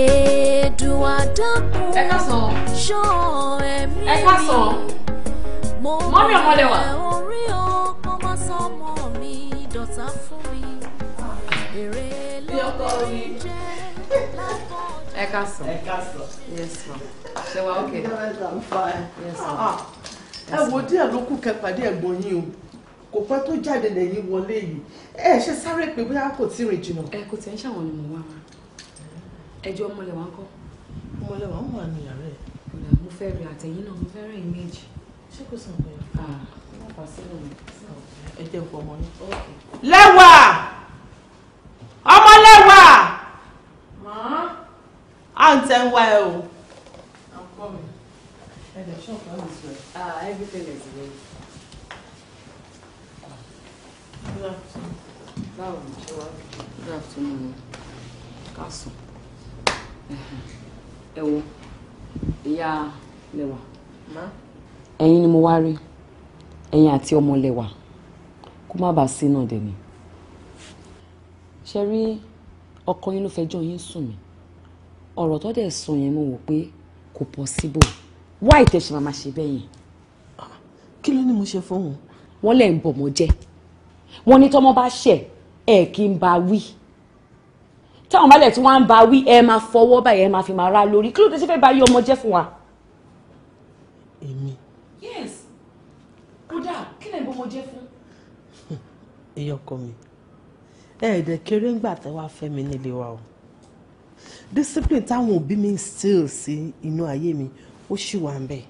èdùn àdàkùn ẹ ká sọ ṣọ ẹ̀mí ẹ ká sọ mọ́mí ọmọdé wa. orí ọkọ má sọ ọmọ mi dọ̀tá fún mi èrè lọ́kọ́ mi jẹ́ lápọ̀. ẹ ká sọ ẹ ká sọ yes ma ṣe wa ok yes ma ẹ wo díẹ̀ ló kù kẹpàdé ẹ̀gbọ́n yín o kò pẹ́ tó jáde lẹ́yìn wọlé yìí ẹ ṣe sáré pé bóyá kò tí ì rìn jìnnà. ẹ kò tẹ̀ ń ṣàwọn ni mò ń wá wa ẹjọ́ ọmọlẹ̀wà ń kọ́. ọmọlẹ̀wà ń wà ní yàrá ẹ̀. mo fẹ́ rí àtẹ̀yìn náà mo fẹ́ rẹ̀ méjì. ṣé kò sàn bẹ́ẹ̀. má bà sílẹ̀ mi. ẹ jẹ́ nǹkan ọmọ yín. lẹ́wà ọmọlẹ́wà. màá. à ń tẹ́ ń wá ẹ o shop all is well? Ah, everything is well. Good afternoon. Báwo ni ṣe wá? Good afternoon. Kásùn. Ẹ wo, ìyá lẹ́wà. Má. Ẹ̀yin ni mo wá rí. Ẹ̀yin àti ọmọ lẹ́wà. Kó má bàa sí náà dẹ̀ ni. Ṣé rí ọkọ yín ló fẹjọ́ yín sùn mí? Ọ̀rọ̀ tó dẹ̀ sọ yẹn mo wò pé kò possible wá ìtẹ̀sí màmá ṣe bẹ́ẹ̀ yẹn. kí ló ní mo ṣe fóun. wọ́n lẹ̀ ń bọ̀ mọ́ jẹ́ wọ́n ní tọ́mọ bá ṣẹ̀ ẹ̀ kí n bá wí táwọn balẹ̀ tí wọ́n ń bá wí ẹ máa fọwọ́ báyìí ẹ máa fi máa ra lórí kí ló dé sí fẹ́ bá yí ọmọ jẹ́ fún wa. èmi. yes kódà kí lè bọ́ mo jẹ́ fún. ìyá mi ẹ ẹ dẹ kéré ńgbà tẹ wàá fẹ́ mi nílé wa o discipline táwọn òbí mi ń still sí inú ayé mi ó ṣì wà ń bẹ̀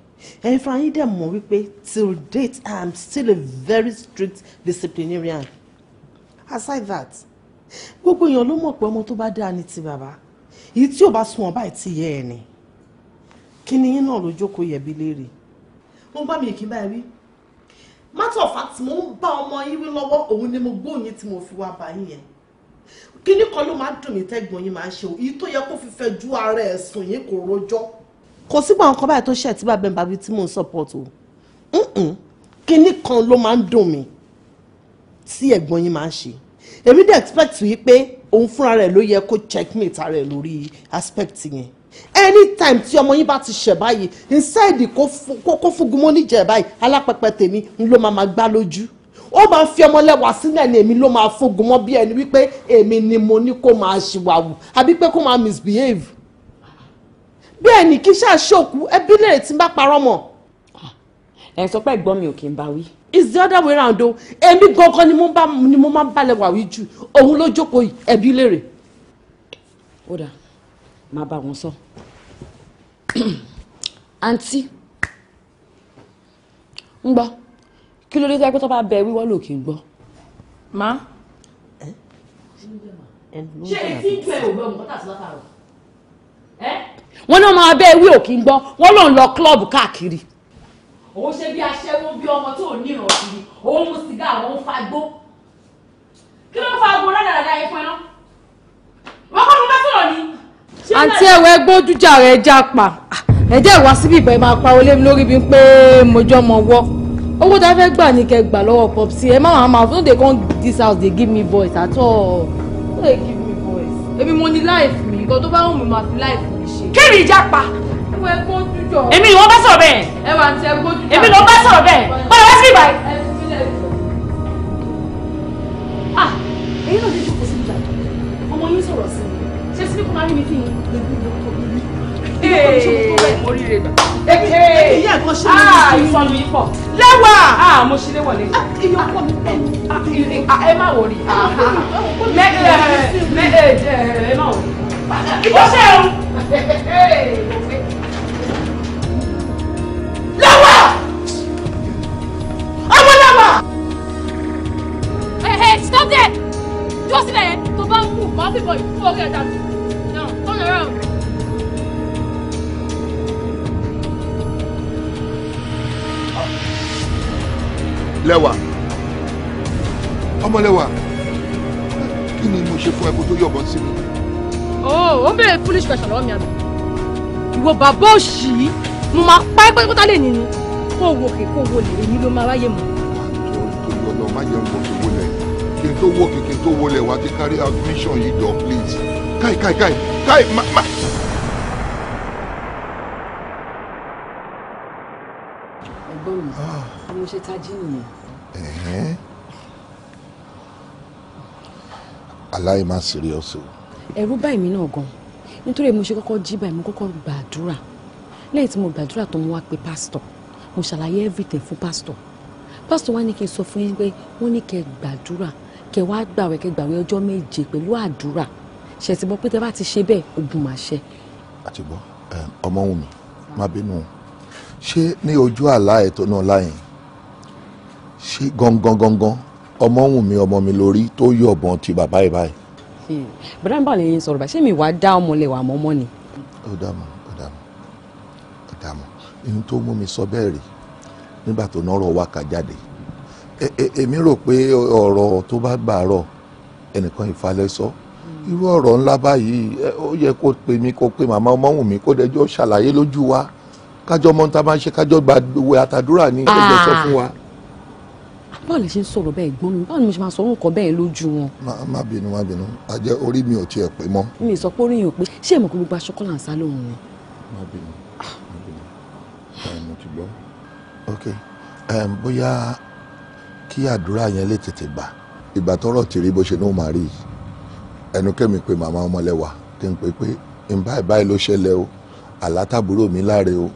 ẹ̀yin fún ayé dẹ̀ wípé till date I am still a very strict disciplinarian aside that gbogbo èèyàn ló mọ̀ pé ọmọ tó bá dáa ní ti bàbá èyí tí ò bá sun ọ̀bá ìtì yẹ ẹ̀ ni kí ni yín náà ló jókòó yẹ̀bi léèrè. mo bá mi kí báyìí wí matter of fact mo ń bá ọmọ yín wí lọ́wọ́ òun ni mo gbóyin tí mo fi wá bá yín yẹn kíní kan ló máa dùn mí tẹ́gbọ̀n yín máa ṣe o èyí tó yẹ kó fi fẹ́ ju ara ẹ̀ sùn yín kò rojọ́ kò sígbà nǹkan báyìí tó ṣe tí bàbá mi bàbí tí mò ń support o kinní kan ló máa ń dùn mí tí ẹ̀gbọ́n yín máa ń ṣe èmi dẹ̀ expect yìí pé òun fúnra rẹ̀ ló yẹ kó checkmate ara ẹ̀ lórí aspect yẹn anytime tí ọmọ yín bá ti ṣẹ̀ báyìí inside kó fúngun mọ́ níjẹ̀ báyìí alápẹ̀pẹ̀ tèmi ń ló máa máa gbá lójú ó máa fi ọmọ lẹ́wà sílẹ̀ ni èmi ló máa fúngun mọ́ bí ẹni wípé èmi ni mo ní kó máa ṣìwàwù àbí pé kó máa misbehave bẹ́ẹ̀ ni kí ṣáà ṣòkú ẹbí lèrè tí n bá parọ́ mọ̀. Ah, ẹ sọ pé ẹ̀gbọ́n mi ò kí n bá wí. it's the other way round o èmi gangan ni mo máa ń balẹ̀ wà wí jù òun ló jókòó yìí ẹbí lèrè. ó dà máa bá wọn sọ <clears throat> àǹtí ń gbọ́ kí ló dé tó yẹ pé tó bá bẹ wíwọ́ lò kí n gbọ́. má. ṣé etí ń ẹ̀ ògbọ́n nǹkan tà sí látàrọ̀ ẹ́ wọn náà máa bẹ́ẹ̀ wí òkì ń gbọ́ wọn lòun lọ klọ́ọ̀bù káàkiri. òun ṣe bí aṣẹ́wó bí ọmọ tó ní ìrọ̀kiri òun mu sìgá òun fagbó kí ló ń fa agbó ládàradà yẹn fún ẹ náà wọn kọ́ ló bá sọ̀rọ̀ ni. àǹtí ẹ̀wọ̀ ẹgbẹ́ ojújà rẹ̀ já pa ah, ẹ̀jẹ̀ wá síbi ìbẹ̀ máa pa olé mi lórí bíi pé mojọ́ mọ wọ́ owó tá a fẹ́ gbà ní kẹ́ gbà lọ́wọ́ popsi ẹ má wàá máa fún de come this house dey give me voice at all no dey give me voice èmi mo ní life mi nǹkan tó bá wù mí máa fi life mi kéèrè ìjà pa. èmi ni wọ́n bá sọ̀rọ̀ bẹ́ẹ̀. èmi ni wọ́n bá sọ̀rọ̀ bẹ́ẹ̀. padà wá sí ibà yìí. èyí ah, náà déjú kò sí ìjà ọmọ yín sọ̀rọ̀ sí mi ṣé síbí kò máa rí mi kí n lè gbé ìwọ tó rí ah, mi. Ìyá nǹkan ṣe é. Ìsọnù yìí pọ̀. Lẹ́wà. Ah, mo ṣe léwọ̀ lé. Iye ọkọ mi pọ̀. Ẹ má wò rí. Eh, eh, eh, ẹ má wò rí. Ó ṣe é o lọ́wọ́ ọmọ lọ́wọ́. ẹ ẹ stop there dúró sílẹ̀ yẹn tó bá ń kú màá fi turn around. lẹ́wà ọmọ lẹ́wà kí ni mo ṣe fún ẹ kó tó yọ̀bọ̀ sí mi ó bèrè foolish question lọ́wọ́ mi àbí ìwọ bàbá òṣì mo máa pa ẹ́ pátápátá lè nìyí kó wo kè kó wo lè èyí ló máa ráyè mọ́. àtúntò lọ́nà má yẹ kó fi wọlé kí n tó wọ kí kí n tó wọlé wá ti carry out mission yìí jọ please káì káì káì káì má má. ẹ̀gbọ́n mi bí mo ṣe tají nìyẹn. aláì má serious o ẹ̀rù bá èmi náà gan nítorí mo ṣe kọ́kọ́ jí báyìí mo kọ́kọ́ gbàdúrà lẹ́yìn tí mo gbàdúrà tó mo wá pe pásítọ̀ mo ṣàlàyé everything fún pásítọ̀ pásítọ̀ wá ní kí n sọ fún yín pé wọ́n ní kẹ́ gbàdúrà kẹ́ wá gbàwẹ̀ kẹ́ gbàwẹ̀ ọjọ́ méje pẹ̀lú àdúrà ṣe ti gbọ́ pé tẹ́ bá ti ṣe bẹ́ẹ̀ ogun máa ṣe. àti gbọ́ ọmọ wù mí má bínú ṣé ní ojú àlá ètò náà láyìn ṣé gangan gangan ọmọ wù mí ọmọ mi lórí tó yọ̀bọ̀n ti bàbá ẹ̀ báyìí bọ́dá ń bá lè yín sọ̀rọ̀ bá ṣé mi wàá dá ọmọ lẹ̀ wà mọ́mọ́ ni. ó dààmú ó dààmú ó dààmú inú tó mú mi sọ bẹ́ẹ̀ rí nígbà tó nọ́rọ̀ wá kà jáde èmi rò pé ọ̀rọ̀ tó bá gbàrọ̀ ẹnìkan ìfalẹ̀ sọ irú ọ̀rọ̀ ńlá báyìí ó yẹ kó pe mi kó pe màmá Ọmọ́wùnmí kó dẹjọ́ ṣàlàyé lójú wa kájọ́ mọ́ta máa ṣe kájọ́ gbàgbé àtàdúrà ní ẹgbẹ́ sọ fún wa báwo lè ṣe ń sọ̀rọ̀ bẹ́ẹ̀ gbọ́n mi báwo ni mo ṣe máa sọ̀rọ̀ nǹkan bẹ́ẹ̀ lójú wọn. má bínú má bínú àjẹ orí mi ò tiẹ̀ pé mọ́. mi sọ pé orí yìí ò pé ṣé èmi kò gbogbo aṣọ kọ́là ń sá lóhùn ni. má bínú ah. má bínú mo ti gbọ́. ok bóyá kí àdúrà yẹn lè tètè gbà ìgbà tọ́rọ̀ ti rí bó ṣe ní ó máa rí ẹnu kẹ́mi pé màmá ọmọlẹ́wà kí n pè pé báyìí báyìí ló ṣẹlẹ̀ o àlátàbúrò mi láre o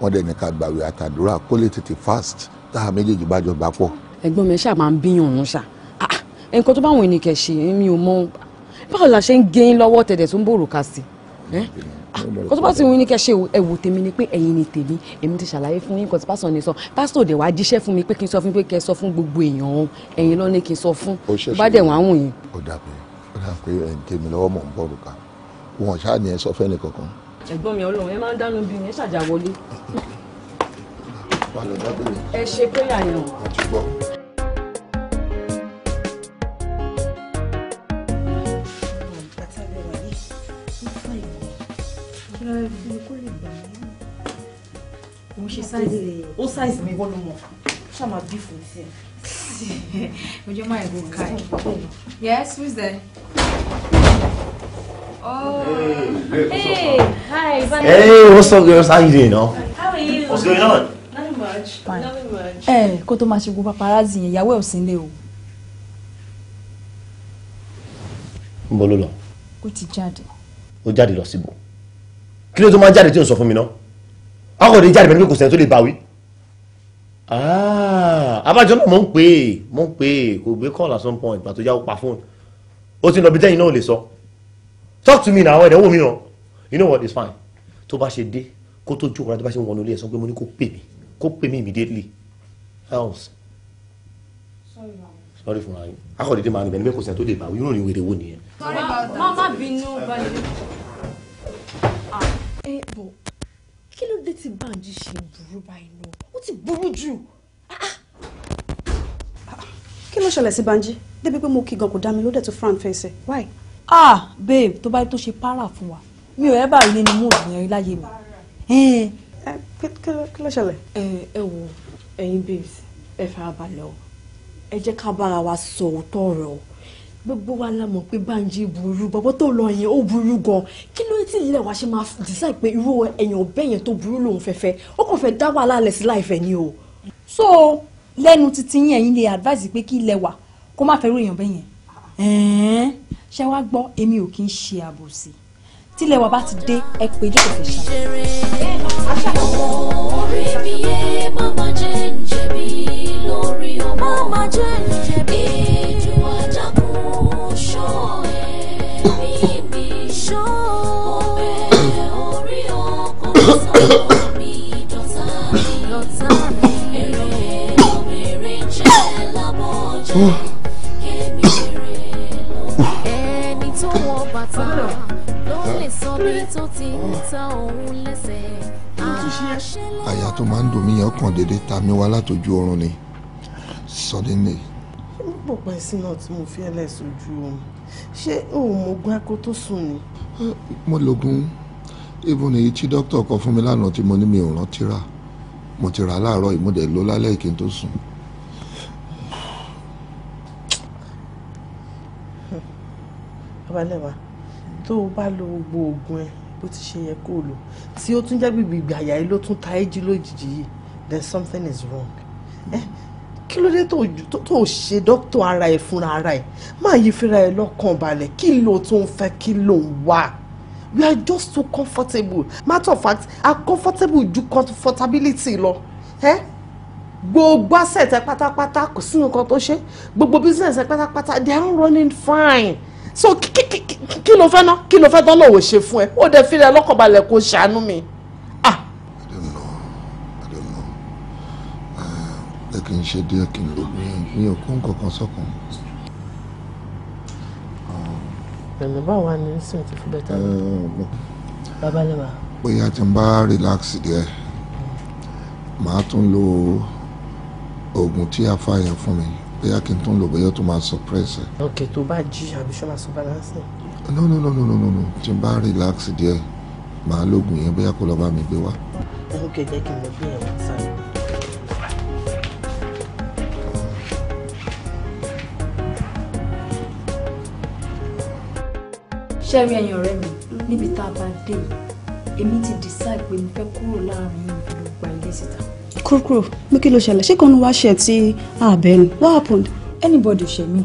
wọ́n dẹ̀ ní ká gbàwé àtàdúrà kó lè tètè fast táà méjèèjì bá jọ bá pọ̀ ẹ̀gbọ́n mi ṣáà máa ń bíyàn òun ṣá ah, nǹkan tó bá wọn ènìkẹ́ ṣe mi ò mọ báwo la ṣe ń gé yín lọ́wọ́ tẹ̀dẹ̀ tó ń bòrùka sí ah, kó tó bá ti wọn ní kẹ́ ṣe ẹ̀wò tèmi ni pé ẹ̀yin ni tèmi èmi ti ṣàlàyé fún yín kò tí pásítọ̀ ni sọ pásítọ̀ dẹ̀ wá jíṣẹ́ fún mi pé kí n sọ fún pé kẹ́ sọ fún gbogbo èèyàn o ẹ̀yin lọ ní kí n sọ fún bá dẹ̀ wọ́n àwọn yìí. ó dà pé ó dà pé ẹ̀yin tèmi lọ́wọ́ mọ̀ ń bọ̀ rúkà wọn ṣáà ẹ ṣe péyà yẹn size size mi wọ́n ló mọ̀ ṣá máa bí fún sí ẹ. ojú máa ń go kai yes who's there. Oh. Hey, hey, hi, Hey, what's up, girls? How you doing, no? How are you? What's going on? Nothing much. Fine. Nothing much. Eh, kó tó máa ṣe gbogbo paparazzi yẹn, ìyàwó ẹ̀ ò sí nílé o. Ń bọ́ ló lọ. ti jáde. Ó jáde lọ síbò. Kí ló tó máa jáde tí ò ń sọ fún mi ọkọ̀ ní jáde pẹ̀lú kò sẹ́ni tó lè bá wí. Ah, abájọ náà mò ń pè é mò ń pè é kò gbé call at some point pàtó yá ó pa fóònù ó ti lọ bí tẹ́yìn náà lè sọ talk to me now, àwọn ẹ̀dẹ̀wò mi ràn you know what is fine tó bá ṣe dé kó tó jókòó láti bá ṣe ń wọnú ilé ẹ̀ sọ pé mo ní kó pè mí kó pè mí immediately else. sorry ma lórí fún wa yìí akọ̀dédé máa ń bẹ̀rẹ̀ mẹ́kọ̀ọ́sẹ̀ tó lè bá yóò ní wèrè wo nìyẹn. má má bínú balẹ̀. ẹ ah. eh, bọ̀ kí ló dé tí Bánjí ṣe burú báyìí náà ó ti burú jù. Ah, ah. Ah, kí ló ṣẹlẹ̀ sí Bánjí débi pé mo kí gan kò dá mi ló dẹ̀ tó fran fẹsẹ̀ why. ah babe tó bá tó ṣe para fún wa mi ò ẹ́bà rí nínú mood yẹn rí láyé mi. Eh. Eh, kí ló ṣẹlẹ̀. Eh, ẹ wo ẹ̀yin babes ẹ farabalẹ̀ o ẹ jẹ́ ká bára wa sọ òótọ́ ọ̀rọ̀ o gbogbo wa la mọ̀ pé Bánjí burú bọ́bọ́ tó lọ yẹn ó burú gan kí ló ti ilẹ̀ wa ṣe máa decide pé irú èèyàn bẹ́ẹ̀ yẹn tó burú lòun fẹ́fẹ́ ó kàn fẹ́ dá wàhálà lẹ̀ sí láìfẹ́ ni o. so lẹ́nu títí yẹn yín lè advice pé kí ilẹ̀ wa kó má fẹ́ irú èèyàn bẹ́ẹ̀ yẹn ṣé wàá gbọ́ èmi ò kí ń ṣe àbòsí tílẹ̀ wa bá ti dé ẹ pé jókòó fi ṣàlàyé. orí mi yé mama jẹ́ ń jẹ̀bi lórí ọmọ mama jẹ́ ń àyà tó máa ń dùn mí yẹn kàn déédéé ta mi wá látòjú oorun ni suddenly. ó pọ̀ pa ìsìn náà tí mo fi ẹ̀ lẹ̀ sójú oorun ṣé òun mo gbá kó tó sùn ni mo lògùn even èyí tí dókítà kọ fún mi lánàá tí mo ní mi ò rántí rà mo ti rà á láàárọ̀ yìí mo dẹ̀ kí n tó sùn. babalẹ́wà tó o bá lo gbogbo oògùn ẹ bó ti ṣe yẹ kó o lò tí ó tún jẹ́ gbìgbì àyà ẹ ló tún ta ẹ́ jí lójijì yìí then something is wrong. Eh? kí ló dé tó ṣe dókítà ara ẹ̀ fúnra ara ẹ̀ máa yí fúnra ẹ̀ lọ́kàn balẹ̀ kí ló tó ń fẹ́ kí ló ń wá we are just too comfortable matter of fact a comfortable ju comfortability lọ eh? gbogbo asset ẹ pátápátá kò sí nǹkan tó ṣe gbogbo business ẹ pátápátá they are running fine so kí ló fẹ́ ná kí ló fẹ́ dánlọ́wọ́ ṣe fún ẹ ó dẹ̀ fi rẹ̀ lọ́kàn balẹ̀ kó ṣàánú mi. kí n ṣe díẹ̀ kí n lò mí mi ò kó nǹkan kan sọ́kàn. Ah. ẹ̀nà báwo wá ní sùn ti fi bẹ́tà lọ. Eh, babalẹ́wà. bóyá tí n bá relax díẹ̀ màá tún lo oògùn tí a fà yẹn fún mi bóyá kí n tún lò bóyá tó máa suppress ẹ. ok tó bá jí àbí ṣọ́ máa sọ balance. no no no no no no no tí n bá relax díẹ̀ màá lóògùn yẹn bóyá kó lọ bá mi gbé wá. ok jẹ́ kí n lọ gbé yẹn wá sáré. ṣe rí ẹ̀yin ọ̀rẹ́ mi níbi tá a bá dé èmi ti decide pé mo fẹ́ kúrò láàrin ìlú gba ilé síta. kúrò kúrò mi kí ló ṣẹlẹ̀ ṣé kan wá ṣe ti ààbẹ̀ ni what happened. anybody ṣe mí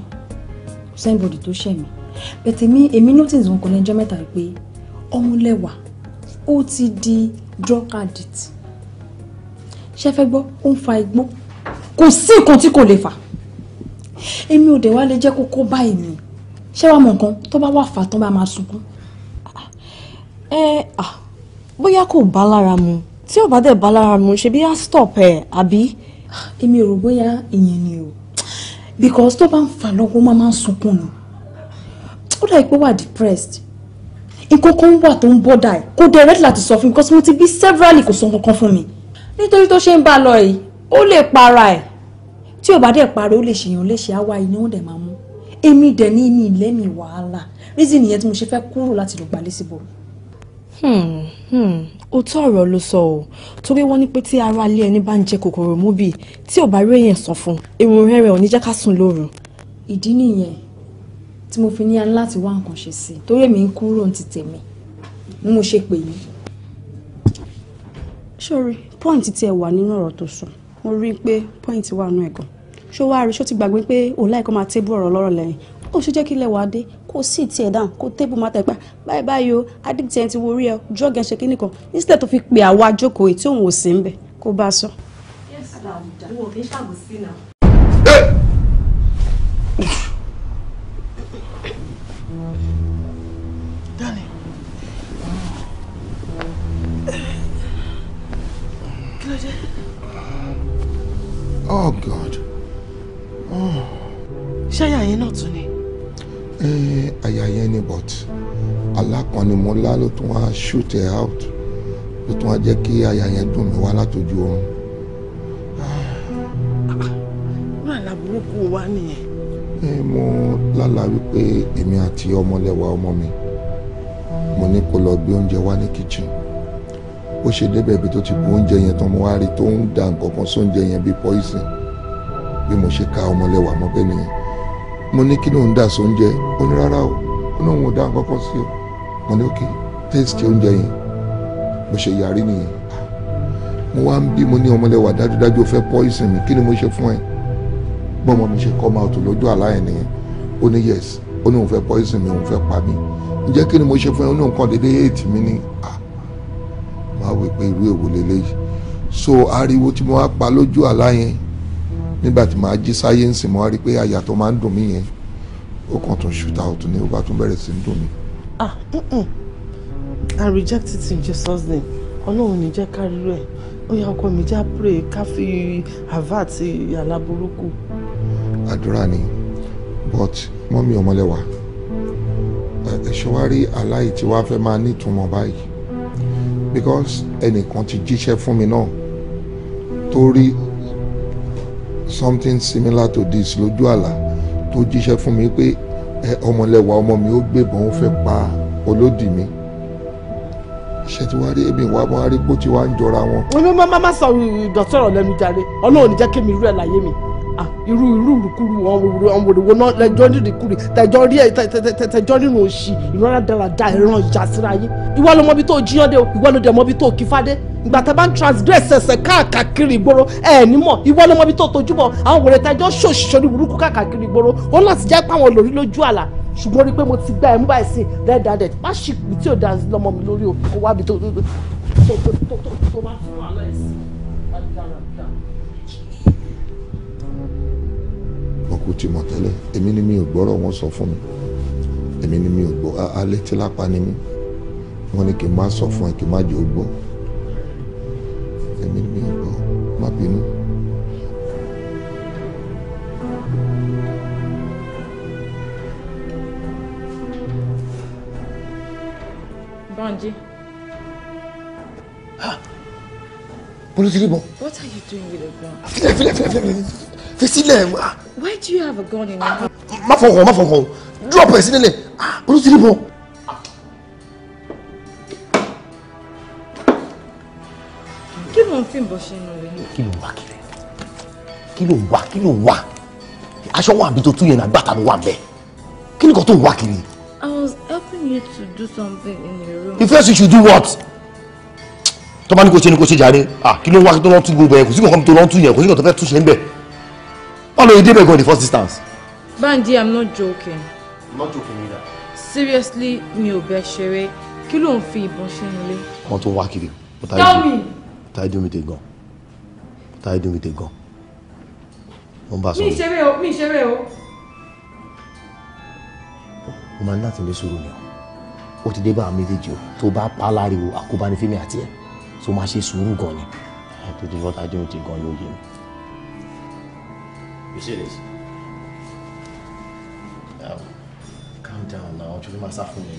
kò sẹ́nibọ̀dì tó ṣe mí But mi èmi notice wọn kò ní ẹjọ́ mẹ́ta pé ọmọlẹ́wà ó ti di drug addict ṣe fẹ́ gbọ́ ó ń fa igbó kò sí nǹkan tí kò lè fà èmi ò dẹ̀ wá lè jẹ́ kó báyìí mi ṣé wàá mọ nǹkan tó bá wà fà tó bá máa sunkún ẹ à bóyá kò bá lára mu tí ò bá dẹ̀ bá lára mu ṣe bí á stop ẹ̀ àbí èmi ò rò bóyá ìyẹn ni o because tó bá ń fà lọ́wọ́ máa máa sunkún ni ó dà pé wà depressed nǹkan kan wà tó ń bọ́dà ẹ̀ kò dẹ̀ rẹ́dì láti sọ fún mi because mo ti bí severally kò sọ nǹkan kan fún mi nítorí tó ṣe ń bá a lọ yìí ó lè para ẹ̀ tí ò bá dẹ̀ para ó lè ṣèyàn léṣe àwa yìí ni wọ́n dẹ̀ máa mú èmi dẹ̀ ní mi lẹ́mi wàhálà rízì nìyẹn tí mo ṣe fẹ́ kúrò láti lọ gbalẹ̀ síbò. Hmm, hmm, òótọ́ ọ̀rọ̀ ló sọ ọ́ torí wọ́n ní pé tí ara ilé ẹni bá ń jẹ kòkòrò móbì tí ò bá rí èèyàn sàn fún èrò rẹ̀ ò ní jẹ́ ká sùn lóru. ìdí nìyẹn tí mo fi ní an láti wá nǹkan ṣe sí i torí èmi ń kúrò ní ti tèmi ni mo ṣe pè yín. sori pọ́ǹtì tí wà nínú ọ̀rọ̀ tó sọ mo rí i pé pọ́ǹtì wà nù ẹ̀gàn ṣó wá rí ṣó ti gbàgbé pé òun láìkọ́ máa tébù ọ̀rọ̀ lọ́rọ̀ lẹ́yìn ó ṣe jẹ́ kí ilẹ̀ wà á dé kó sì tiẹ̀ dáhùn kó tébù máa tẹ̀pá báyìí báyìí o addict ẹ̀ ti wo orí ẹ drug ẹ̀ ṣe kí nìkan instead tó fi pè àwa jókòó èyí òun ò sí ń bẹ̀ kó bá sọ. Oh God ṣáyà yẹn náà tún ni. ẹ eh, àyà yẹn ni but alákanimọ́lá ló tún wá shoot ẹ out ló tún wá jẹ́ kí àyà yẹn dùn mí wá látọjú oorun. wúrà ah, ah. làbúrúkú wa nìyẹn. ẹ eh, mo lálàá wípé èmi àti ọmọlẹ́wà ọmọ mi mo ní kó lọ gbé oúnjẹ wá ní kitchen ó ṣe débẹ̀ ibi tó ti bu oúnjẹ yẹn tán mo wá rí tó ń da nǹkan kan sóúnjẹ yẹn bíi poison bí mo ṣe ka ọmọlẹ́wà mọ́bẹ́ nìyẹn mo ní kí lóun dà sóúnjẹ ó ní rárá o ó lóun ò dá nǹkan kan sí o mo ní òkè tẹ́sítì oúnjẹ yẹn mo ṣe yàrí nìyẹn mo wá ń bí mo ní ọmọlẹ́wà dájúdájú ó fẹ́ pọ́ìsìn mi kí ni mo ṣe fún ẹ bọ́mọ mi ṣe come out lójú àlá ẹ̀ nìyẹn ó ní yes ó ní òun fẹ́ pọ́ìsìn mi òun fẹ́ pa mí ǹjẹ́ kí ni mo ṣe fún ẹ ó ní nǹkan dédé èètì mi ní à máa wí pé irú èwo lélẹ́yìí so ariwo tí mo wá pa lójú àlá yẹn nígbà tí màá jí sáyẹ́ǹsì mo wá rí i pé àyà tó máa ń dùn mí yẹn ó kàn tún shoot out ní ó bá tún bẹ̀rẹ̀ sí í dùn mí. ah i reject it in jesus name ọlọ́run ní jẹ́ ká rírọ̀ ẹ̀ ó yá ọkọ mi já pray ká fi àvá àti àlá burúkú. àdúrà ni but mọ́mí ọmọlẹ́wà ẹ̀ṣọ́ wa rí aláì tí wàá fẹ́ máa nítumọ̀ báyìí because ẹnìkan ti jíṣẹ́ fún mi náà torí something similar to this lójú àlá tó jíṣẹ́ fún mi pé ọmọlẹ́wà ọmọ mi ó gbébọn ó fẹ́ pa olódì mi ṣe ti wá rí èmi wá mọ́ arígbó tí wàá ń jọra wọn. èmi máa má sọ ìdọ̀tí ọ̀rọ̀ lẹ́nu jàre ọlọ́run ní jẹ́ kí mi rú ẹ̀ láyé mi irú irú ìrùkúrú ọ̀hún òwòrìwò náà lẹ́jọ́ nínú ìkúrì tẹ̀jọ́ rí ẹ̀ tẹ̀jọ́ nínú òṣì ìrora dáradára ìran ìjà síra yín ìwọ ló mọbi tó jiyàn dé o ìwọ ló dẹ̀ mọbi tó kí fádé ìgbà tá a bá ń transgress ẹsẹ̀ káàkiri ìgboro ẹ ní mọ̀ ìwọ ló mọ ibi tó tojú bọ̀ àwọn wèrè tajọ́ ṣòṣìṣọ́ ní burúkú káàkiri ìgboro ó láti jẹ́ pé àwọn lórí lójú àlà ṣùgbọ́n rí i pé mo ti gba ẹ̀ mú báyìí sí red handed má ṣì kú tí ò dá lọ́mọ mi lórí o kó wá bi tó tó tó tó tó tó bá fún wa lọ́ọ̀ẹ́sì. wọn kò tí mọ̀ tẹ́lẹ̀ èmi ni mi ò gbọ́rọ̀ wọn sọ fún mi èmi ni mi ò gbọ́ alẹ́ tí lápá ni mi wọ́n ní kí n má sọ fún ẹ kí n má jẹ́ ó gbọ́ èmi ni mi ò gbọ́ má bínú. Banji. Ah! Bolo What are you doing with a gun? Filẹ̀ filẹ̀ filẹ̀ filẹ̀ fesílẹ̀. Ah! Why do you have a gun in your hand? Ah! Má fọkàn má fọkàn drop ẹ̀ sílẹ̀ bolo ti rí bọ̀. mò ń fìbọn ṣe nù rẹ. kí ló ń wá kiri kí ló ń kí ló ń aṣọ wà bí tó tún yẹn náà gbàtà ló wà bẹ́ẹ̀ kí ni kò tó ń kiri. I was helping you to do something in your room. First you should do what? tó bá ní kò ṣe ni kò ṣe jàre ah kí ló ń wá kí tó lọ́n tún gbogbo ẹ̀ kò sí nǹkan tó lọ́n tún yẹn kò sí nǹkan tó fẹ́ tún ṣe ń bẹ̀ wọ́n lọ ìdí bẹ̀ gan the first distance. Bandi, I'm not joking. I'm not joking either. seriously mi ò bẹ ṣeré kí ló ń fi ìbọn ṣe nílé. wọ́n tún wá kiri. tell me táyé dùnmídé gan táyé dùnmídé gan wọ́n bá sọ. mi ìṣeré o mi ìṣeré o. o máa ní láti ní sùúrù ni o ó ti dé bá àwọn méjèèjì o tó bá pa láriwo àkóbánifẹ́mi àti ẹ̀ tó máa ṣe sùúrù gan ni tó ti wọ́n táyé dùnmídé gan yóò mi. You see this? Um, calm down now. Jolima sá fún mi.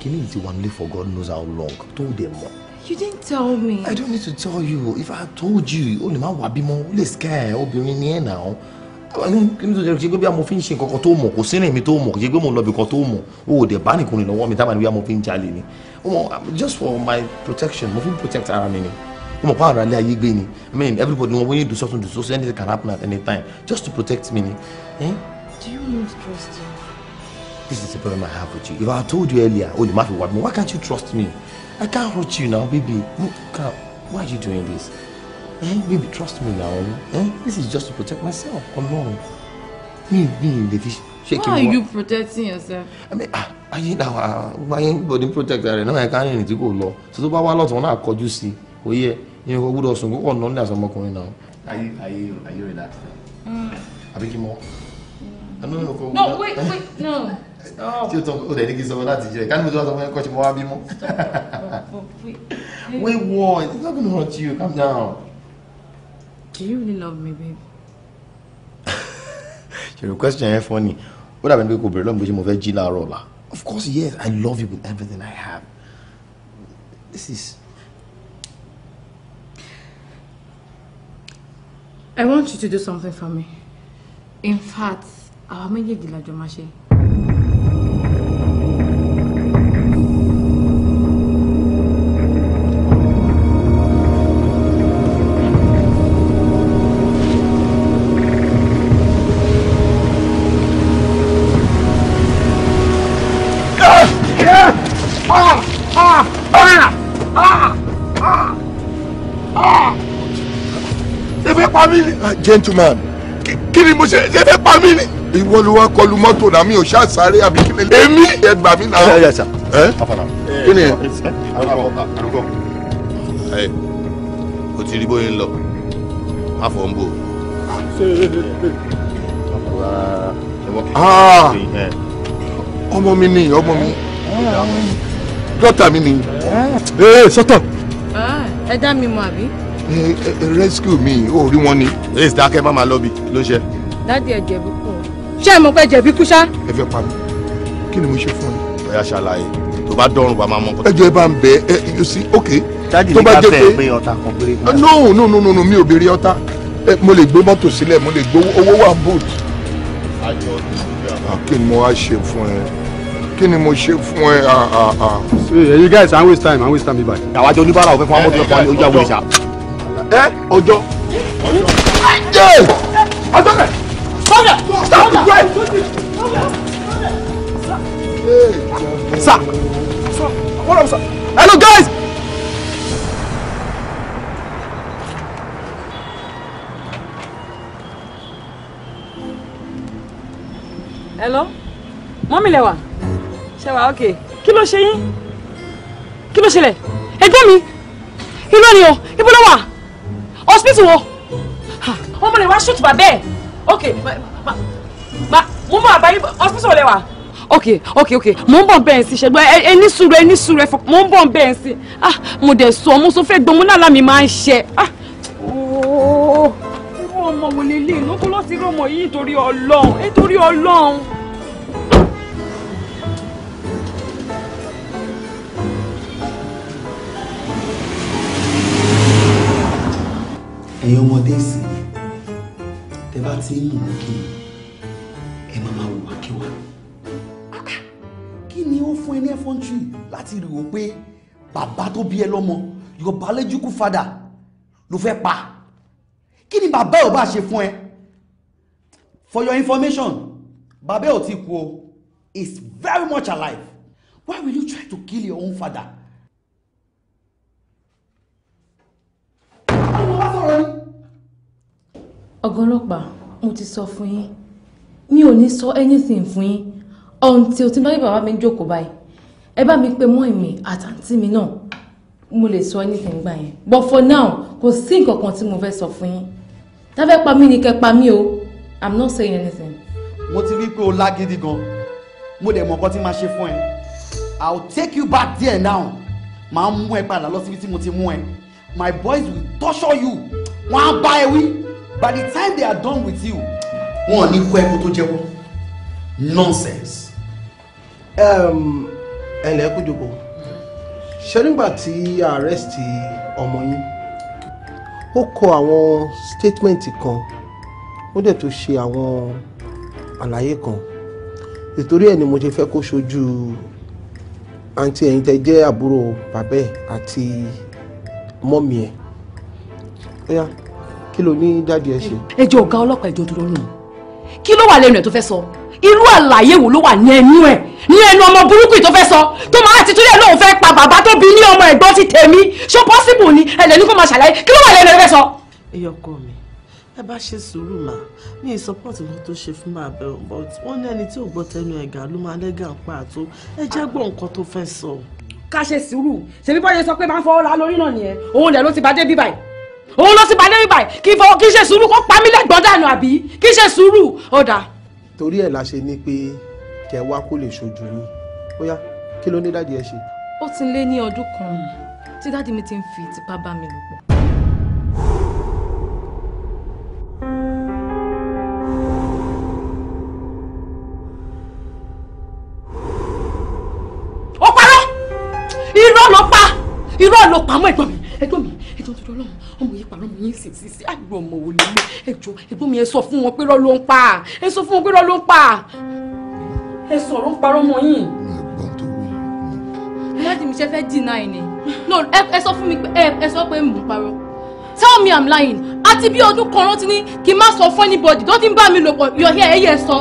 Kí ni ìtiwánilé for God knows how long tó dé mọ́. You didn't tell me. I don't need to tell you. If I told you, o lè má wà bímọ, o lè scare obìnrin ní ẹ̀ náà. Kí ni tó jẹ́ pé bí a mo fi ń ṣe nǹkan tó mọ̀ kò sí ní mi tó mọ̀ kò jẹ́ pé mo lọ ibì kan tó mọ̀ o ò dẹ̀ bá nìkan ní lọ́wọ́ mi tábà ní bí a mo fi ń jalè ni. Just for my protection, mo fi ń protect ara mi ni. Mo mọ̀ pa ara ilé ayé gbé ni. I mean everybody wọn wọ́n yé do something do something anything can happen at any time just to protect me ni. Eh? Do you not trust me? This is the problem I have with you. If I told you earlier, o lè má fi wà mí, why can't you trust me? I can't hurt you now, baby. Look, Why are you doing this? Eh, baby, trust me now. Eh? This is just to protect myself Come on, Me, me, the fish. Shaking Why are you protecting yourself? I mean, ah, ah, now? Why ah, ayé náà ah, ayé body protect rẹ̀ náà ẹ̀ka rìnrìn tí kò lọ. you tó bá wá lọ́tún go kọjú sí i, ó yẹ ìyẹn kò gbúdọ̀ sùn Are you, are you, náà. Ayé ayé ayé rẹ̀ more? Àbí kí n mọ. Mm. No, wait, wait, no tí o dẹ̀ ní kí n sọ láti jẹ ká ní mo tí sọ fún ẹ kọ́ mọ́ wá bímọ. <laughs> wait what it's not gonna hurt you calm down. do you really love me babe. <laughs> ṣèrè question yẹn funny. ni ó dàbí pé kò bẹ̀rẹ̀ lọ́mọ pé ṣe mo fẹ́ jí láàárọ̀ ọ̀la of course yes i love you with everything i have this is. i want you to do something for me in fact àwa méjèèjì la jọ máa ṣe. pa mí ni. Ah, gentleman. kí ni mo ṣe ṣe fẹ́ pa mí ni. ìwọ ló wá kọlu mọ́tò náà mi ò ṣáà sáré àbí kí ni. èmi ẹ gbà mí náà. ẹ ẹ sà ẹ kí ni ẹ. o ti rí bóyá ń lọ má fọ ń bò. Ah! ọmọ mi ni ọmọ mi ah. dọ́tà mi ni. ẹ eh, sọ́tọ̀. ẹ dá mi mọ̀ àbí rescue mi ò rí wọn ni. ace dákẹ́ má máa lọ́bi ló ń ṣe. dádì ẹ jẹ̀bi kù ṣé ẹ mọ̀ pé jẹ̀bi kú ṣá. ẹ fẹ́ pa mi kí ni mo ṣe fún ọ. ọ̀yà ṣàlàyé tó bá dọ̀rùn bá máa mọ nǹkan. ẹjọ́ ẹ bá ń bẹ ẹ you see okay. tó bá jẹ́ pé ah, no no no no no, mi ò béèrè ọ̀tá mo lè gbé mọ́tò sílẹ̀ mo lè gbé owó wà boot. Ah, kí ni mo wá ṣe fún ẹ kí ni mo ṣe fún ẹ. ẹ̀yin ah, guys i waste time i waste time ibà. àwájọ oníbàárà ò fẹ́ fún amọ́tò ẹ̀fọ́ ojú àwọn ìṣà ẹ ọjọ́. ọjọ́ kẹ sọ́kẹ̀ stop the drive. sir what up sir hello guys. hello mọ́mí lẹ́wà ṣe wà ok kí ló ṣe yín kí ló ṣẹlẹ̀ ẹgbẹ́ mi irọ́ ni o ibo wà hospital wo Omo rẹ wa shoot ba ẹ Okay, ma mo mọ àbáyé hospital rẹ wà. okay, okay. ok mo ń bọ̀ bẹ́ẹ̀ sí ṣẹ́gbọ́n ẹ ní sùúrù ẹ ní sùúrù ẹ fọ mo ń bọ̀ bẹ́ẹ̀ ah mo dẹ̀ so, mo so fẹ́ gbọ́n mo lálàá mi máa ń ṣe ah. ooo irú ọmọ wo lè lè nukú lọ́sí irú ọmọ yìí nítorí Ọlọ́run nítorí Ọlọ́run. ẹ̀yin ọmọdé ìsìn tẹ bá ti ń mú kí ẹ máa máa wùwà kí wa kí ni ó fún ẹ ní ẹfọ́ntì láti rí o pé bàbá tó bí ẹ lọ́mọ your biological father ló fẹ́ pa kí ni bàbá ò bá ṣe fún ẹ for your information bàbá ò ti kú o is very much alive why will you try to kill your own father. àwọn ọlọ́sọ̀rọ̀ ọ̀gá mo ti sọ fún yín mi ò ní sọ anything fún yín until tí báyìí bàbá mi jókòó báyìí ẹ bá mi pe mọ́ ìmì àtàntí mi náà mo lè sọ anything gbà yẹn but for now kò sí nǹkan kan tí mo fẹ́ sọ fún yín táfẹ́ pa mí ni kẹ́ pa mí o i'm not saying anything. mo ti rí i pé o lágídí gan mo dẹ̀ mọ̀ nǹkan tí màá ṣe fún ẹ i take you back there now màá mú ẹ padà lọ síbi tí mo ti mú ẹ my boys will torture you wọ́n á bá ẹ wí by the time they are done with you wọn ò ní kó ẹkú tó jẹ́wọ́ nonsense. Um, ẹnlẹ́ kú jòkó ṣé nígbà tí arrest ọmọ yín ó kọ àwọn statement kan ó dẹ̀ tó ṣe àwọn àlàyé kan ìtorí ẹ̀ ni mo ṣe fẹ́ kó ṣojú àǹtí ẹ̀yin tẹ́ jẹ́ àbúrò bàbá ẹ̀ àti mọ́mì ẹ̀ ó yá. Yeah kí ló ní dáàdi ẹ ṣe. ẹ jẹ́ ọ̀gá ọlọ́pàá ìjọ dúró nù kí ló wà lẹ́nu ẹ̀ tó fẹ́ sọ irú àlàyé wo ló wà ní ẹnu ẹ̀ ní ẹnu ọmọ burúkú tó fẹ́ sọ tó máa ti túlẹ̀ lóun fẹ́ pa bàbá tó bí ní ọmọ ẹ̀gbọ́n ti tèmi ṣó pọ́sibù ni ẹ̀lẹ́ ní kó máa ṣàlàyé kí ló wà lẹ́nu ẹ̀ fẹ́ sọ. ẹyọkọ mi ẹ bá ṣe sùúrù mà ní ìsọpọ́ọ̀tì wọn tó ṣe fún bàbá ẹ but wọn ní ẹni tí ò gbọ́ tẹnu ẹ̀gà ló máa lẹ́gà ń pa àtó ẹ jẹ́ gbọ́ nǹkan tó fẹ́ sọ. ká ṣe sùúrù ṣèbí bọ́yẹ sọ pé máa ń fọwọ́ la lórí náà òun ló sì bá débi báyìí kí fọwọ́ kí ṣe sùúrù kó pa mí lẹ́gbọ́n dànù àbí kí ṣe sùúrù ó dáa. torí ẹ̀ la ṣe ní pé kẹ wá kó lè ṣojú yín ó yá kí ló ní dáàdi ẹ ṣe. ó ti lé ní ọdún kan tí dáàdi mi ti ń fi tipa bá mi lò pọ̀. ó parọ́ irọ́ ló pa irọ́ ló pa mọ́ ẹ̀gbọ́n mi ẹ̀gbọ́n mi ẹjọ́ tó lọ́rùn ọmọ yìí pàrọ̀ mọ yín sì sí sí àìrò ọmọ wò lè lé ẹjọ́ ẹ̀gbọ́n mi ẹ sọ fún wọn pé rọ́ ló ń pa ẹ sọ fún wọn pé rọ́ ló ń pa ẹ sọ̀rọ̀ ń parọ́ mọ yín. láti mi ṣe fẹ́ dínà ẹ̀ ni no ẹ sọ fún mi ẹ sọ pé mò ń parọ́ tell me i'm lying àti bí ọdún kan rántí ní kí n má sọ fún anybody don't even bá mi lò pọ̀ yọ̀ ẹ̀ yẹ sọ.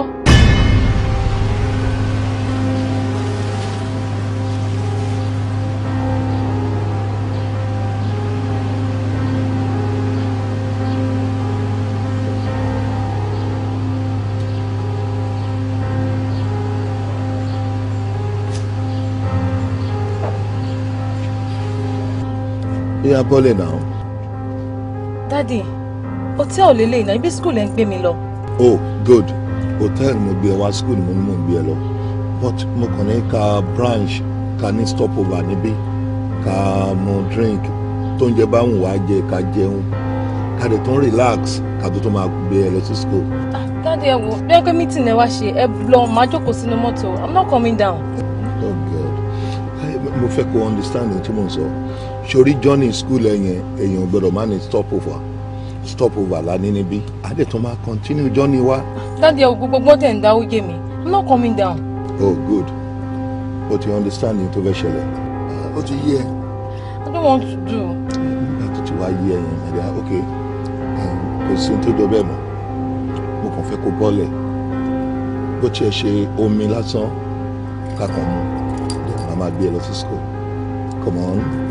ìyá bọ́lẹ̀ náà. dádì hòtẹ́ẹ̀lì lélẹ̀ iná ibi skul ẹ̀ ń gbé mi lọ. oh good Hotel mo gbé ẹ wá school, ni mo ní mo gbé ẹ lọ but mo kàn ní ka branch ka ní stopover níbí ka mu drink tó ń jẹ bá wù wá jẹ ká jẹun ká lè tún relax ká tó tún máa gbé ẹ lọ sí skul. Ah, dádì ẹ wo bí ẹ meeting ẹ wá ṣe ẹ lọ máa jókòó sínú mọ́tò i'm not coming down. oh god mo fẹ́ kó understand ohun tí mo sọ sori johnny school ẹ̀yẹn èèyàn gbọ́dọ̀ stop over, stop over. la ní níbí adé tó máa continue johnny wa. dáàdi àwọn gbogbo tẹ̀ ń dáwó yé mi i'm not coming down. oh good But you understand ní tó fẹ́ ṣẹlẹ̀ o ti yé i don't want to do. nígbà tó ti wá yé ẹyìn ẹ̀dá ok kò sí tó jọ bẹ́ẹ̀ mọ́ mo kàn fẹ́ kó bọ́ọ̀lẹ̀ bó tiẹ̀ ṣe omi lásán kakàn mu màá máa gbé ẹ lọ sí school come on.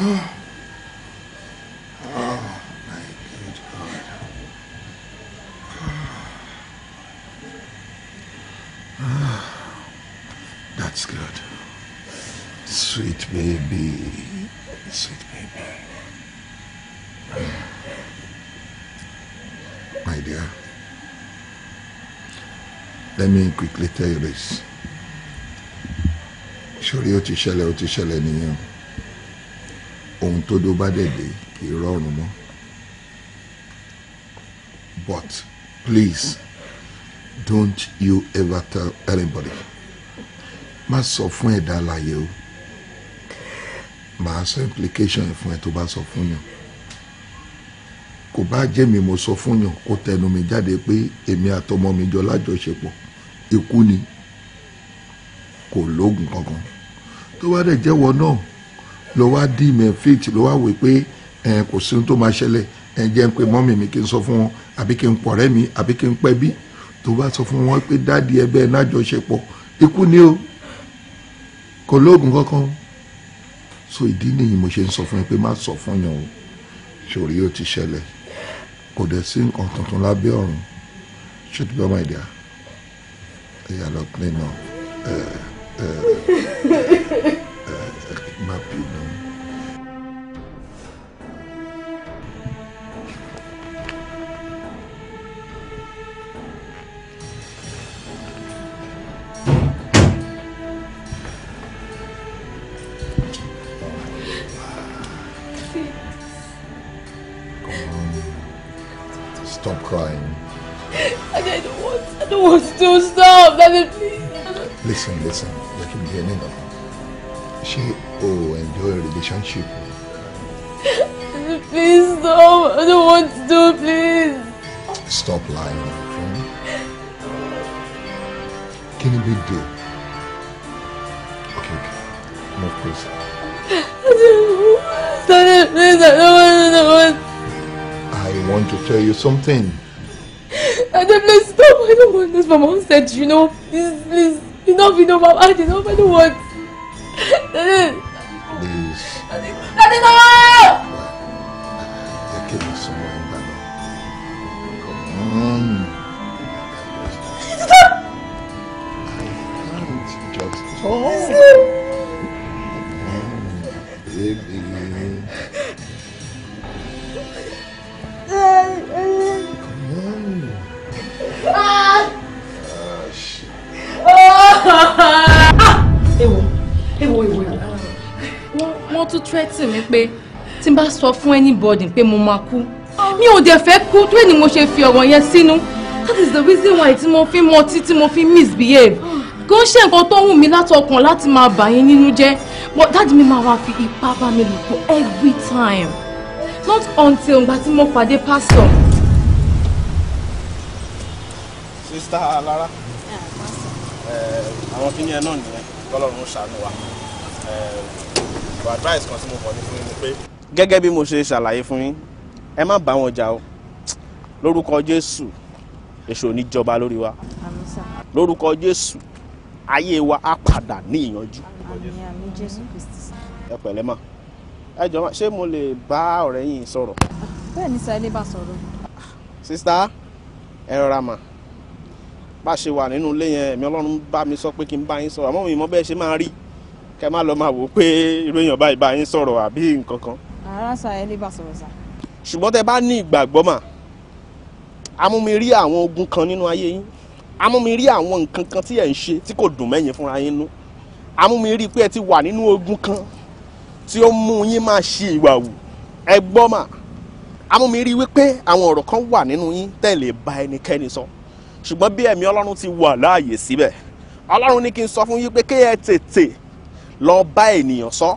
oh my good God. Oh, that's good. Sweet baby. Sweet baby. <sighs> My dear. Let me quickly tell you this. Surely you ti ṣẹlẹ̀ ó ti ṣẹlẹ̀ ohun tó dó bá dẹ̀dẹ̀ ìrọ̀rùn mọ́ but please don't you ever tell anybody má sọ fún ẹ̀dá alàyè o màá sọ implication ẹ̀ fún ẹ tó bá sọ fún yàn kò bá jẹ́ mi mo sọ fún yàn kó tẹnu mi jáde pé èmi àtọmọ mi jọ lájọṣepọ̀ ikú ni kò lóògùn kankan tó bá dẹ̀ jẹ́wọ́ náà lọ wá dìmẹ̀ fit lọ wá wò pé kò sí ohun tó máa ṣẹlẹ̀ ẹ jẹ́ ń pe mọ́mì mi kí n sọ fún wọn àbí kí n pọ̀rẹ́ mi àbí kí n pẹ́ bí tó bá sọ fún wọn pé dáàdi ẹbẹ nájọṣepọ̀ ikú ni o kò lóògùn kankan so ìdí nìyí mo ṣe ń sọ fún yín pé má sọ fún yàn o ṣòrí ó ti ṣẹlẹ̀ kò dẹ̀ sí nǹkan tuntun lábẹ́ ọ̀run ṣètò bá máa dà ẹ̀yà lọ́kùnrin náà mo will bí ẹni enjoy relationship please stop I don't want to do please. stop lying my friend. Can you be deal. okay okay move closer. I don't know. Sorry, please I don't want to know. I want to tell you something. I don't know stop I don't want this my mom said you know please please you enough I'm out enough I don't want. Please. Daddy, Daddy, no. pé tí n bá sọ fún anybody pé mo máa kú mi ò dẹ̀ fẹ́ kú tó ni mo ṣe fi ọ̀rọ̀ yẹn sínú that is the reason why tí mo fi mọtí tí mo fi misbehave kò ń ṣe nǹkan tó wù mí láti ọkàn láti máa bà yín nínú jẹ́ but dáàdi mi máa wá fi ipá bá mi lò pọ̀ every time not until ìgbà tí mo pàdé pásítọ̀. sista alara eh, àwọn kìnìún náà nìyẹn kọlọ́run ṣàánú wa eh, for advice kan tí mo kàn ní fún yín ni pé. gẹ́gẹ́ bí mo ṣe ṣàlàyé fún yín ẹ má bá wọn jà o lórúkọ jésù èṣù ò ní jọba lórí wa lórúkọ jésù ayé wa á padà ní ìyanjú. ẹ pẹ̀lẹ́ mà ẹ jọ ṣé mo lè bá ọ̀rẹ́ yín sọ̀rọ̀. bẹ́ẹ̀ ni sáyẹ́lẹ́ bá sọ̀rọ̀. sista ẹ rọra mà bá a ṣe wà nínú ilé yẹn ẹ̀mí ọlọ́run bá mi sọ pé kí n bá yín sọ̀rọ̀ àmọ́ mi mọ bẹ́ẹ̀ ṣe máa rí kẹ má lọ máa wò ó pé irú èèyàn báyìí bá yín sọ̀rọ̀ àbí nǹkan kan. ara sa ẹ lè bá sọ̀rọ̀ sá. ṣùgbọ́n tẹ bá ní ìgbàgbọ́ mà amúmirí àwọn ogun kan nínú ayé yín amúmirí àwọn nǹkan kan tí ẹ̀ ń ṣe tí kò dùn mẹ́yìn fúnra yín nú amúmirí pé ẹ ti wà nínú ogun kan tí ó mú yín máa ṣe ìwà wù ẹ gbọ́ mà amúmirí wípé àwọn ọ̀rọ̀ kan wà nínú yín tẹ́ lè ẹnikẹ́ni sọ ṣùgbọ́n bí ẹ̀mí ọlọ́run ti wà láàyè síbẹ̀ ọlọ́run ní kí n sọ fún yín pé kí ẹ tètè lọ bá ènìyàn sọ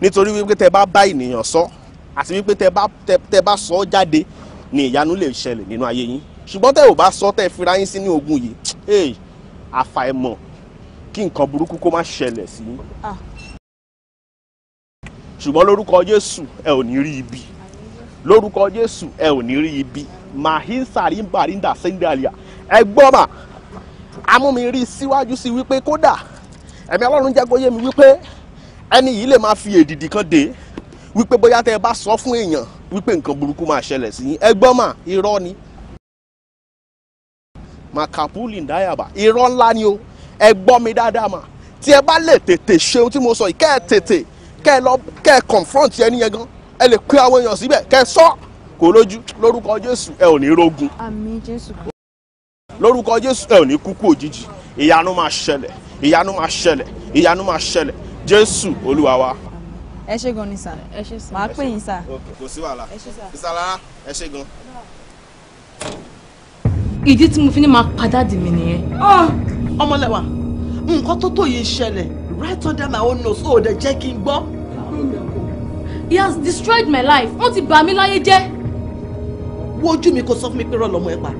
nítorí wípé tẹ bá bá ènìyàn sọ àti wípé tẹ bá tẹ bá sọ jáde ni ìyanu lè ṣẹlẹ̀ nínú ayé yín ṣùgbọ́n tẹ ò bá sọ tẹ fira yín sí ní ogun yìí ee àfàìmọ̀ kí nǹkan burúkú kó má ṣẹlẹ̀ sí yín ah. ṣùgbọ́n lórúkọ Jésù ẹ ò ní rí ibi lórúkọ Jésù ẹ ò ní rí ibi mahinsari mbarinda sendalia ẹ gbọ́ mà amúmi rí síwájú sí wípé kódà ẹ̀mí ọlọ́run jẹ́ kó yé mi wípé ẹni yìí lè máa fi èdìdì kan dé wípé bóyá tẹ́ ẹ bá sọ fún èèyàn wípé nǹkan burúkú máa ṣẹlẹ̀ sí yín ẹgbọ́n mà irọ́ ni makapuli ndayaba irọ́ ńlá ni o ẹ mi dáadáa mà tí ẹ bá lè tètè ṣe ohun tí mo sọ yìí kẹ́ ẹ tètè kẹ́ ẹ lọ kẹ́ ẹ confront ẹni yẹn gan ẹ lè pe àwọn èèyàn síbẹ̀ kẹ́ ẹ sọ kò lójú lórúkọ jésù ẹ ò ní rógun àmín lórúkọ jésù ẹ ò ní kúkú òjijì ìyanu máa ṣẹlẹ̀ ìyanu máa ṣẹlẹ̀ ìyanu máa ṣẹlẹ̀ jésù olúwa wa. ẹ ṣé gan ni sà ẹ ṣé sà máa pè yín sà. kò sí wàhálà ìsàlára ẹ ṣé gan. ìdí tí mo fi ní máa padà dì mí nìyẹn. Ah, ọmọlẹ́wà nǹkan tó tó yìí ṣẹlẹ̀ right under my own nose ó dẹ̀ jẹ́ kí n gbọ́. he has destroyed my life wọ́n ti bà mí láyé jẹ́. wo ojú mi kó sọ fún mi pé rọ́ọ̀lù ọmọ ẹ pa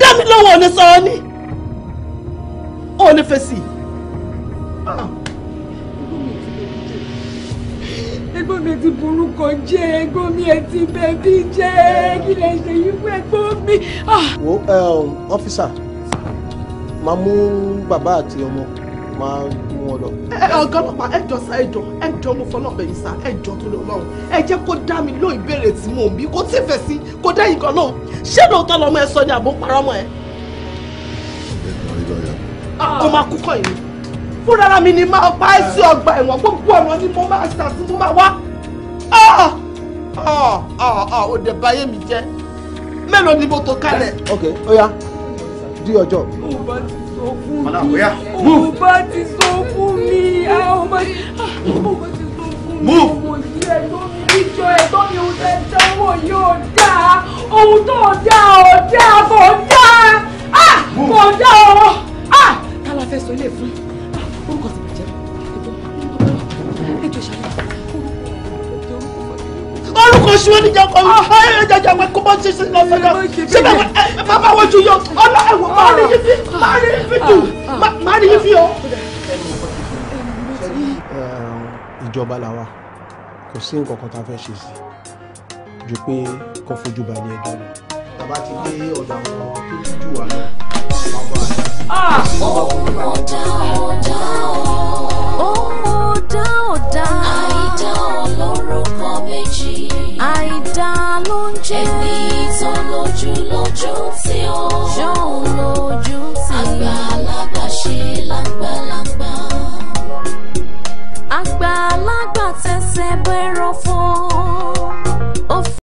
dá mi lọ́wọ́ ò ni ó lè fèsì. ẹ̀gbọ́n mi ti burúkọ jẹ́ ẹ̀gbọ́n mi ẹ ti bẹbí jẹ́ kí lè ṣe yí fún mi. wo ọfíìsà um, máa mú bàbá àti ọmọ máa mú wọn lọ. ọ̀gá ọlọ́pàá ẹ jọ sá ẹ jọ ẹ jọ mo fọlọ́ bẹ̀yìn sá ẹ jọ tó lọ lọ́rùn ẹ jẹ́ kó dá mi lóyún ìbéèrè tí mò ń bí kó tí fèsì kó dá yìí kan náà ṣé lóòótọ́ lọ́mọ ẹ sọ ni àbó parọ́ ẹ kó máa kú kọ́ yìí fúnra mi ni máa bá ẹ sí ọgbà ẹ̀wọ̀n gbogbo ọ̀nà ni mo máa ṣà tí mo máa wá òde ah! ah! ah! báyé mi jẹ́ mélòó ni mo tó kalẹ̀. ok oya di ọjọ́. mo bá ti sọ fún mi mo bá ti sọ fún mi mo mo ti ẹ̀tọ́ mi ìjọ ẹ̀tọ́ mi ò tẹ jẹ́wọ́ yóò dáa ohun tó dáa ò dáa kò dáa kò dáa o fẹ́ sọ ilé fún ah, orúkọ ti bàjẹ́ ẹjọ́ ṣàlẹ́ orúkọ ṣu oníjà ọkọ mi ayé ah. jẹjẹ àwọn ẹ̀kọ́ bá ṣe ṣe lọ sọ́dọ̀ síbẹ̀ bàbá wojú yọ ọlọ ẹ̀wọ̀ máa rí yín fi máa rí yín fi dùn máa rí yín fi ọ. ìjọba làwa kò sí nǹkan kan tá a fẹ́ ṣe sí ju pé kó fojú balẹ̀ ẹjọ́ lọ. bàbá ti dé ọ̀dọ̀ àwọn tó ti jù wá lọ bàbá àti ọ̀dà ọ̀dà ó ọ̀dà ọ̀dà àìdá olórúkọ méjì àìdá ló ń jẹ́ ẹni ìtàn lójú lójú tí ó jọ̀ọ́ lójú tí àgbàlagbà ṣe lágbàlagbà àgbàlagbà tẹsẹ̀ bẹ́rọ̀ fún.